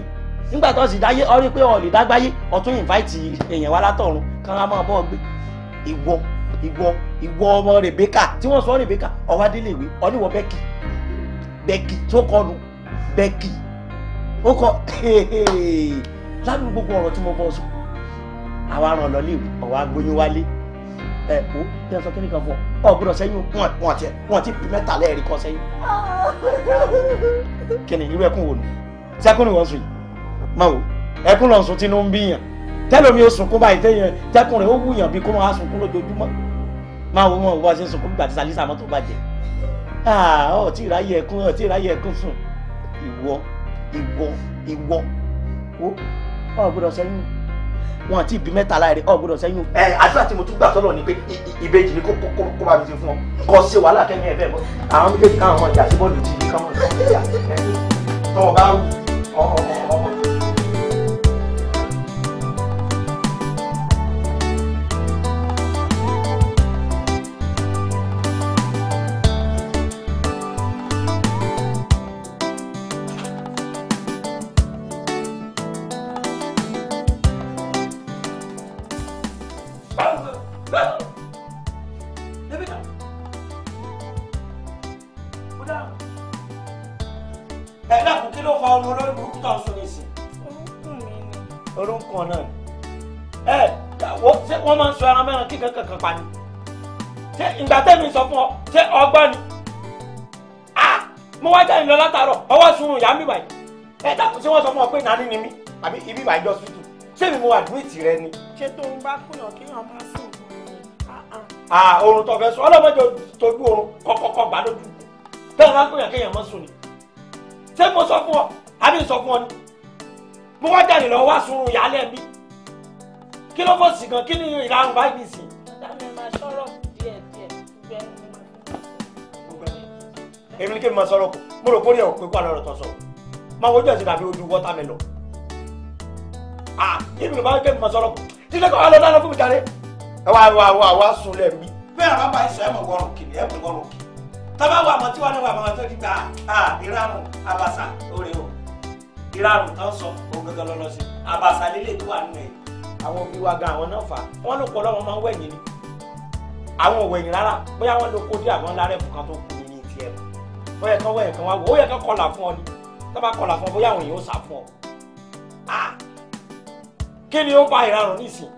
nígbà tó sì dáyé ọ rí pé ọ̀lì dágbáyé ọ̀tún ìnváìtì èèyàn wá látọ̀run kán á máa bọ́ ọ gbé ìwọ ìwọ ìwọ ọmọ Rebeka tí wọ́n sọ Rebeka ọ̀wádìílé ìwé ọ̀níwọ̀ bẹ́kì bẹ́kì tó kọnu bẹ́kì ó kọ lábẹ́ gbogbo ọ̀rọ̀ tí mo bọ́ sọ àwa ràn lọ léwu ọ̀wá gbóyún wálé ẹ o kí n sọ kí nìkan fún ọ gbọ́dọ̀ sẹ́yìn wọn ti wọn ti mẹ́ta lẹ́ẹ̀rí kan sẹ́yìn kí ni irú ẹkún wò nù sẹ́kún ni wọ́n sùn yìí máa wò ẹkún lọ sùn tí inú ń bí yàn tẹ́lómi ó sunkún báyìí tẹ́yìn tẹ́kùnrin ó wù yàn bí kó máa sunkún lójoojúmọ́ máa wo wọn wá ṣe ń sunkún gbàtí salisa mọ́tò bàjẹ́ ah, ọ tí ìráyè ẹkún ọ tí ìráyè ẹkún sùn ìwọ ìwọ ìwọ ó ọ gbọ́dọ̀ sẹ́yìn wọn àti ìbí mẹ́ta láìrí ọ gbọ́dọ̀ sẹ́yìn. ẹ àdúrà tí mo tún gbà sọ́lọ̀ ni pé ìbejì ni kó bá mi ṣe fún ọ kó ṣe wàhálà kẹ́mi ẹ̀ bẹ́ẹ̀ mọ́ àwọn méjèèjì káwọn ọmọ ìjà sí bọ́ọ̀lù tì í káwọn ọmọ ìjà tọ́wọ́ bá rù ọ́ ọ́ ọ́. mo admit rẹ ni. ṣé tó ń bá kùnà kí wọn máa sùn ah, ah. ah oorun tó fẹ́ sùn ọlọ́mọdé tójú oorun kọ́kọ́kọ́ gbà lójú bẹ́ẹ̀ máa ń pèyàn kéèyàn mọ́ sùn ni ṣé mo sọ fún ọ àbí sọ fún ọ ni mo wá jáde lọ wá sunrun ìyálẹ̀ mi kí ló fọ́ sí gan kí ni ìlànà báyìí nìsín. dáàmì máa sọ̀rọ̀ díẹ̀ díẹ̀ gbẹ́ èmi ni kí n máa sọ̀rọ̀ kù mo rò kórè ọ̀pẹ́ kó àlọ́ rẹ̀ tọ̀ sọ̀rọ̀ máa wojú ẹ̀sìn tàbí ojú wọ́tàmẹ́lọ̀ yìí ah, mi máa ń kẹ́mi máa sọ̀rọ̀ kù títí kọ́ alọ́ dáná fún mi jáde. ẹ wá wá wá wá sùn lẹ̀ mí. bẹ́ẹ̀ bá bá iṣẹ́ ẹ̀mọ̀ gbọ́rùn kìlì ẹ̀mọ̀ gbọ́rùn kìlì tábà wà mọ́ tí wà ní wà mọ́ tó dìgbà ìranù abasa o ìranù tán sọ òun abasa lílé tó wà nínú ẹ̀. àwọn òbí wa gan àwọn náà fà wọn ló kọ lọ́wọ́ máa ń wẹ̀yìn ni àwọn ò wẹ̀yìn rárá bóyá wọn ló kó dé àwọn lárẹ̀ fún kan tó kù ní tiẹ̀ bóyá kan wẹ̀yìn kan wá wò ó yẹ kán kọlà fún ọ ni tábà kọlà fún ọ bóyá àwọn èèyàn ó sà fún ọ. Ah, kí ni ó ń pa ìrarùn nísìn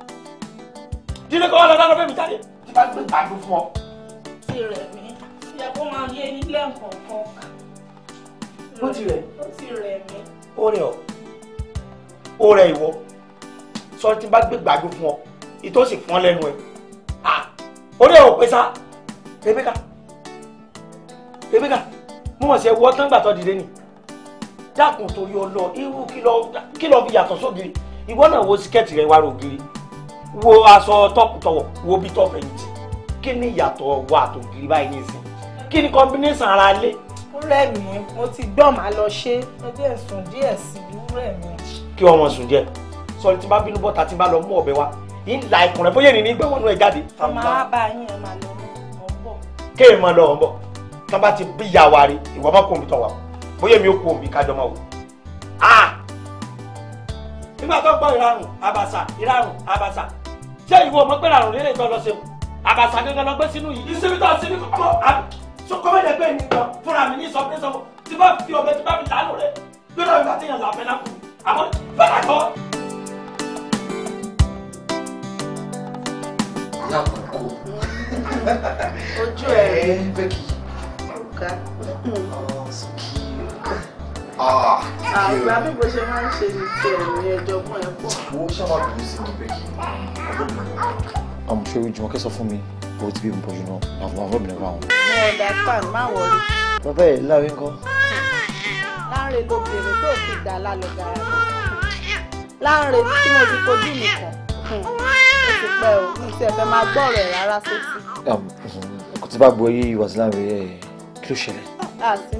dídé kọ́ lọ dáná fẹ́mi jáde. tí bá gbé tàbí fún ọ. ti rẹ̀ mí yẹ kó máa yé yín lẹ́ǹkọ̀ọ̀kan. ó ti rẹ̀. ó ti rẹ̀ mí. ó rẹ̀ ọ́ ó rẹ̀ ìwọ sọ tí bá gbé gbàgbé fún ọ ìtò sì fún ọ lẹ́nu ẹ̀ ó rẹ̀ ọ́ pé sá Rebecca Rebecca mo mọ̀ sí ẹ wọ́ tán gbàtọ́ dìde nì dákun torí ọlọ irú kí lọ fi yàtọ̀ sógiri. So ìwọ náà wo síkẹ́ẹ̀tì rẹ wá rògiri wo aṣọ tọ́pù tọwọ̀ wo bí tọ́ fẹ̀yìntì kí ni ìyàtọ̀ wa àtògiri báyìí nìsín kí ni combination ara lé. rẹ mi mo ti gbọ́ màá lọ ṣe ẹgbẹ́ sùn díẹ̀ sí rẹ mi. kí ọmọ sùn díẹ̀ sọ ti bá bínú bọ́ta ti bá lọ mú ọ̀bẹ wa ìlà ikùn rẹ bóyá ènìyàn gbẹ̀wọ̀n náà jáde. ọmọ àbá yín ẹ máa lọ mọ bọ. kéè máa lọ ọ bọ tí wọn bá ti bí ìyá wa rí ìwọ ah nígbà tó gbọ́ ìrarùn àbàṣà ìrarùn àbàṣà ṣé ìwọ ọmọ pé ìrarùn lélẹ̀ tó lọ ṣeun àbàṣà gángan lọ gbé sínú yìí. ìsinmi tó sinmi kọ́kọ́ àbí so kọ́mẹ́dẹ̀ pé ní gan fúnra mi ní sọ pé sọ tí bá fi ọbẹ̀ tí bá fi lánàá rẹ̀ gbẹ́dọ̀ ìgbà téèyàn làbẹ́ náà kù àmọ́ bẹ́ẹ̀ kọ́. ojú ẹ̀ Becky. ọ̀gá. ọ̀gá oh, ah, ah, bí mo ṣe máa ń ṣe I'm sure you can for me. But it's be important, you know, I've never been around. No, that's fine. My Papa, me go. worry. Bàbá ẹ̀ láre ń kọ́. Láre ló bèrè tó fi dà lálẹ́ gara. Láre tí mo ti kojú mi kàn. Ó ti pẹ́ o, mi ti ẹ̀fẹ́ máa gbọ́ ọ̀rọ̀ ẹ̀ rárá sétí. Kò tí bá gbọ́ yé ìwà sí láre ẹ̀ kí ló ṣẹlẹ̀? Àti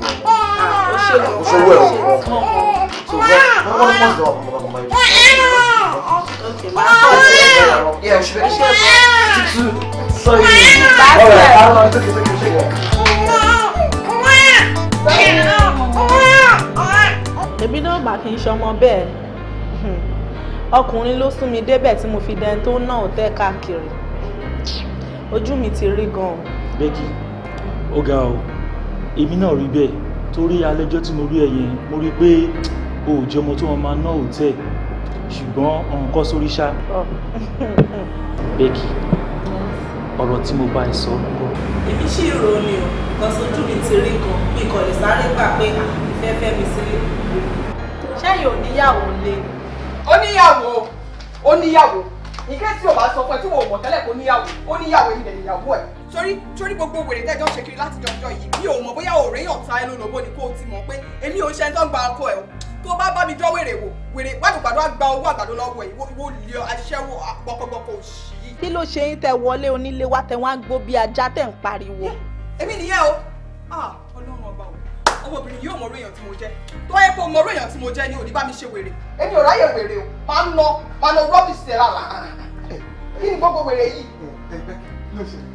fún mi. ó ṣòwò ẹ̀ o. ṣòwò ọmọ ọmọ ọmọ Yeah, she should. So you. All right, I don't know. It's okay, it's okay, it's èmi náà mà kí n ṣọmọ bẹ́ẹ̀ ọkùnrin ló sún mi débẹ̀ tí mo fi dẹni tó ná òtẹ́ káàkiri ojú mi ti rí gan-an. Becky ó ga o èmi náà rí bẹ́ẹ̀ torí alẹ́jọ́ tí mo rí ẹ yẹn mo rí pé o ò jẹ́ ọmọ tó wọn máa ná òtẹ́ ṣùgbọ́n ọ̀nkọ́ sórí ṣá. Becky ọ̀rọ̀ tí mo bá ẹ sọ ń bọ̀. èmi ṣì ń ro ni o nǹkan sójú mi ti rí kan mi kàn lè sáré gbà pé ìfẹ́ fẹ́ mi sílé. ṣẹ́yìn ò níyàwó lé. ó níyàwó ó níyàwó ìkẹ́sì ò bá sọ fún ẹ tí wọn ò mọ̀ tẹ́lẹ̀ kó níyàwó ó níyàwó ilẹ̀ ìyàwó ẹ̀ torí torí gbogbo wèrè tẹ́jọ́ ṣe kiri láti jọjọ́ yìí mi ò mọ̀ bóyá ọ̀rẹ́ yàn ta ẹlòlóbó ni kó o ti mọ̀ pé èmi ò ṣe ń tán gba ọkọ ẹ̀ o tó bá bá mi jọ wèrè wò wèrè gbàdúgbàdú àgbà owó àgbàdo lọ́wọ́ ẹ̀ ìwọ lè aṣẹ́wó gbọkọgbọkọ òṣì yìí. kí ló ṣe yín tẹ wọlé onílé wa tẹ wá ń gbó bí ajá tẹ ń pariwo. èmi nìyẹn o ah, ọlọ́run ọba o ọmọbìnrin yóò mọ̀rọ̀ èèyàn tí mo jẹ́ tó yẹ kó mọ̀rọ̀ èèyàn tí mo jẹ́ ni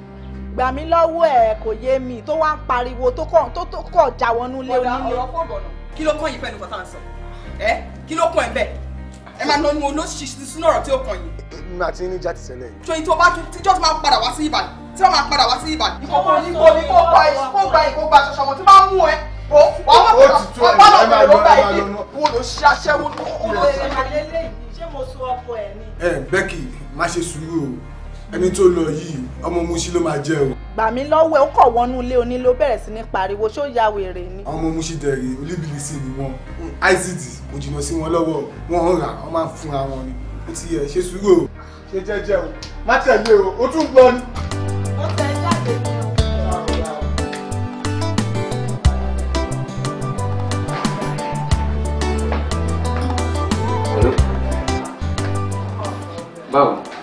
gbà mí lọ́wọ́ ẹ̀ kò yé mi tó wá ń pariwo tó kọ̀ tó tó kọ̀ já wọnú lé onílé. ọ̀rọ̀ pọ̀ bọ̀nà kí ló kàn yín pẹ̀lú kọ́tà ń sọ ẹ kí ló kàn ẹ bẹ́ẹ̀ ẹ máa nọ nu olóṣìṣì sínú ọ̀rọ̀ tí ó kàn yín. èmi àti yín níjà ti ṣẹlẹ̀ yìí. tóyin tó bá tún tíjọ́ tó máa padà wá sí Ìbàdàn tí wọ́n máa padà wá sí Ìbàdàn. ìkókó ní kó ní kó gba ìkó gba ìkó gba ṣọṣọ mọ tí bá mú ẹ o wàá mọ̀ pé wọ́n bá lọ́ọ́ bẹ̀rẹ̀ ló bá ibi wo ló ṣe aṣẹ́wó ló kó lọ́ọ́ ṣe. ṣé mo so ọkọ ẹ ni. ẹ Becky má ṣe sùúrù o ẹni tó lọ yìí ọmọ Mushin ló máa jẹ́ o. gbà mí lọ́wọ́ ẹ̀ ó kọ̀ wọnú ilé onílé ó bẹ̀rẹ̀ sí ní pariwo ṣó ya wèrè ni. ọmọ Mushin dẹ̀rẹ̀ olúbilisi ni wọn ICD kò jìnnà sí wọn lọ́wọ́ wọn ń rà wọn máa ń fúnra wọn ni ó ti yẹ ṣe sùúrù o. ṣe jẹ́jẹ́ o má tẹ̀lé o ó tún gbọ́ ni. ó tẹ̀ jáde ni o. báwo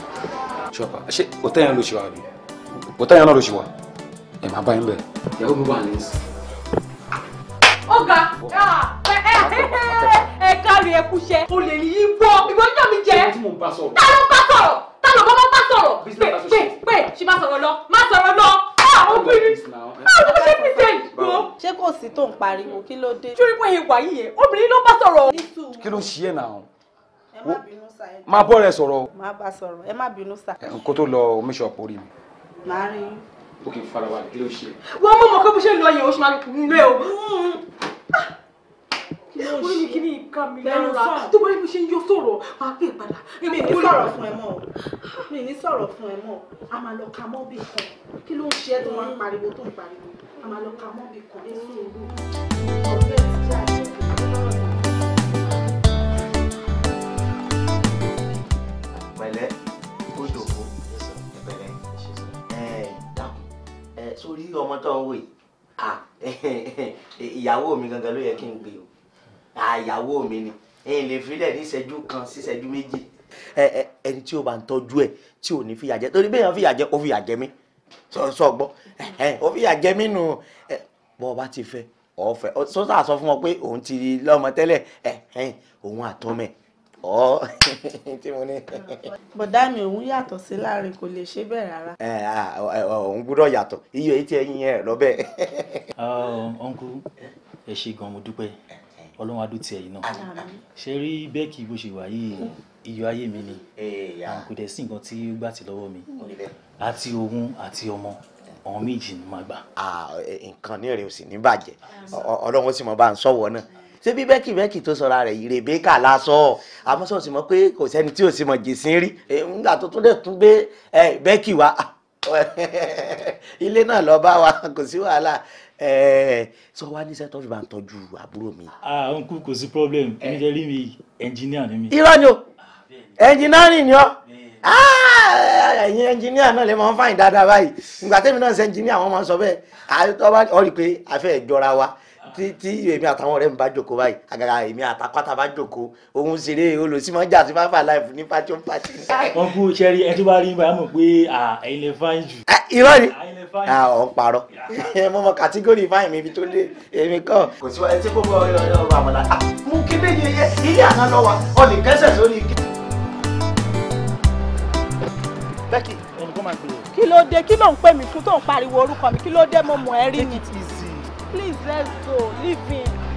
ṣọ́ọ̀bà ṣé òtẹ́ yẹn ló ṣe wà rí òtẹ́ yẹn náà ló ṣe wà ẹ̀ máa bá yín bẹ̀. ìyàwó mi wà ní ìsìn. ọ̀gá ah, ẹ kárí ẹ kúṣẹ́ o lè ní yí bọ́ ìgbọ́njọ́ mi jẹ́ ta ló bá sọ̀rọ̀ ta ló bọ́ bá sọ̀rọ̀ pé pé pé ṣe má sọ̀rọ̀ lọ má sọ̀rọ̀ lọ àwọn ah, obìnrin àwọn ah, ọmọ ṣe pèsè ìgbó. ṣé kò sí tó ń pariwo kí ló dé. sórí pé ìwà yìí yẹn obìnrin ló bá sọ̀rọ̀. kí ló ń ṣe é náà. ẹ má bínú máa bọ́ rẹ sọ̀rọ̀. máa bá sọ̀rọ̀ ẹ má bínú sà. kó tó lọ omiṣọ porí mi. màá rí i. ok farawa kí ló ṣe. wọ́n mọ̀ mọ́ pé bó ṣe lọ yẹn o ṣe máa ń lé o. orí mi kì í ká mi lára tó bá rí mi ṣe ń yọ sọ̀rọ̀ máa gbé ìpadà. mi ní sọ̀rọ̀ fún ẹ mọ́ mi ní sọ̀rọ̀ fún ẹ mọ́ a máa lọ ka mọ́ bí kan kí ló ń ṣe é tó máa ń pariwo tó ń pariwo a máa lọ ka mọ́ bí kan ní sùúrù ọ̀gbẹ́ pẹ̀lẹ́ kó jòkó pẹ̀lẹ́ ẹ dákun ẹ sórí ọmọ tó ń wè ìyàwó mi gangan ló yẹ kí n gbé o àyàwó mi ni ẹ̀yin lè filẹ̀ ní ìṣẹ́jú kan sí ìṣẹ́jú méjì ẹni tí o bá ń tọ́jú ẹ̀ tí ò ní fìyà jẹ torí bẹ́ẹ̀ yẹn fìyà jẹ ó fìyà jẹ mí sọ gbọ́ ó fìyà jẹ mí nù bọ́ ọ bá ti fẹ́ ọ̀fẹ́ sọ́sà sọ fún wọn pé òun ti lọ́mọ tẹ́lẹ̀ òun àtọ́mẹ́ ọ́ *laughs* tí mo ní. bọ̀dá mi òun yàtọ̀ sí láàrin kò lè ṣe bẹ́ẹ̀ rárá. òun gbúdọ̀ yàtọ̀ iyọ̀ etí ẹyin yẹn lọ bẹ́ẹ̀. ọ̀nkú ẹ ṣe gan mo dúpẹ́ ọlọ́run adútì ẹ̀yìn náà ṣe rí bẹ́ẹ̀kì bó ṣe wà yìí iyọ̀ ayé mi ni kò dẹ̀ sí nǹkan tí ó gbà tí lọ́wọ́ mi àti òun àti ọmọ ọ̀hún méjì ni màá gbà. nǹkan ní èrè ò sì ní bàjẹ́ ọlọ́run sì mọ̀ bá ń sọ̀wọ́ náà ṣé bí bẹ́kì bẹ́kì tó sọra rẹ̀ yìí rèbékà lásọ àmọ́ sọ̀sì mọ́ pé kò sẹ́ni tí ò sì mọ̀ jèsín rí nígbà tó tún dẹ̀ tún gbé bẹ́kì wá *laughs* ilé náà lọ bá wa kò sí wàhálà sọ wá ní sẹ́tọ́fì máa ń tọ́jú àbúrò mi. ah uncle kò sí problem èmi jẹ́ rí mi ẹnjìníà ni mi. irọ́ ni o ẹnjìnírìn ni ọ́ ẹ̀yin ẹnjìníà náà lè máa ń fàyìn dáadáa báyìí ìgbà tẹ́mi náà ṣe ẹnjìníà wọ́n máa ń sọ bẹ́ẹ̀ àtọ́wá ọ̀rí pé a fẹ́ jọra wa tí tí èmi àtàwọn ọ̀rẹ́ mi bá jòkó báyìí àgàgà èmi àtàkọ́tà bá jòkó òun ṣeré olùsímọ́jà sí fáfà láìfù ní fashion fashion. wọn kú sẹ́rí ẹ tó bá rí bá mọ̀ pé ẹ̀yin lè fáyín jù. irọ́ ni ọ̀ ń parọ́ *laughs* mo mọ kàtígórì fáyìn mi ibi tó lé èmi kọ́. kò sí ẹ tí gbogbo ọ̀rẹ́ ọ̀rọ̀ àmàlà mú kébé yẹyẹ ilé àná lọ wa ọ lè kẹ́sẹ̀ sórí ike. bẹ́ẹ̀kì kí ló dé kí ló ń pè mí fún tó ń pariwo orúkọ mi kí ló dé mo mọ̀ ẹ́ rí ni please let's go leave him.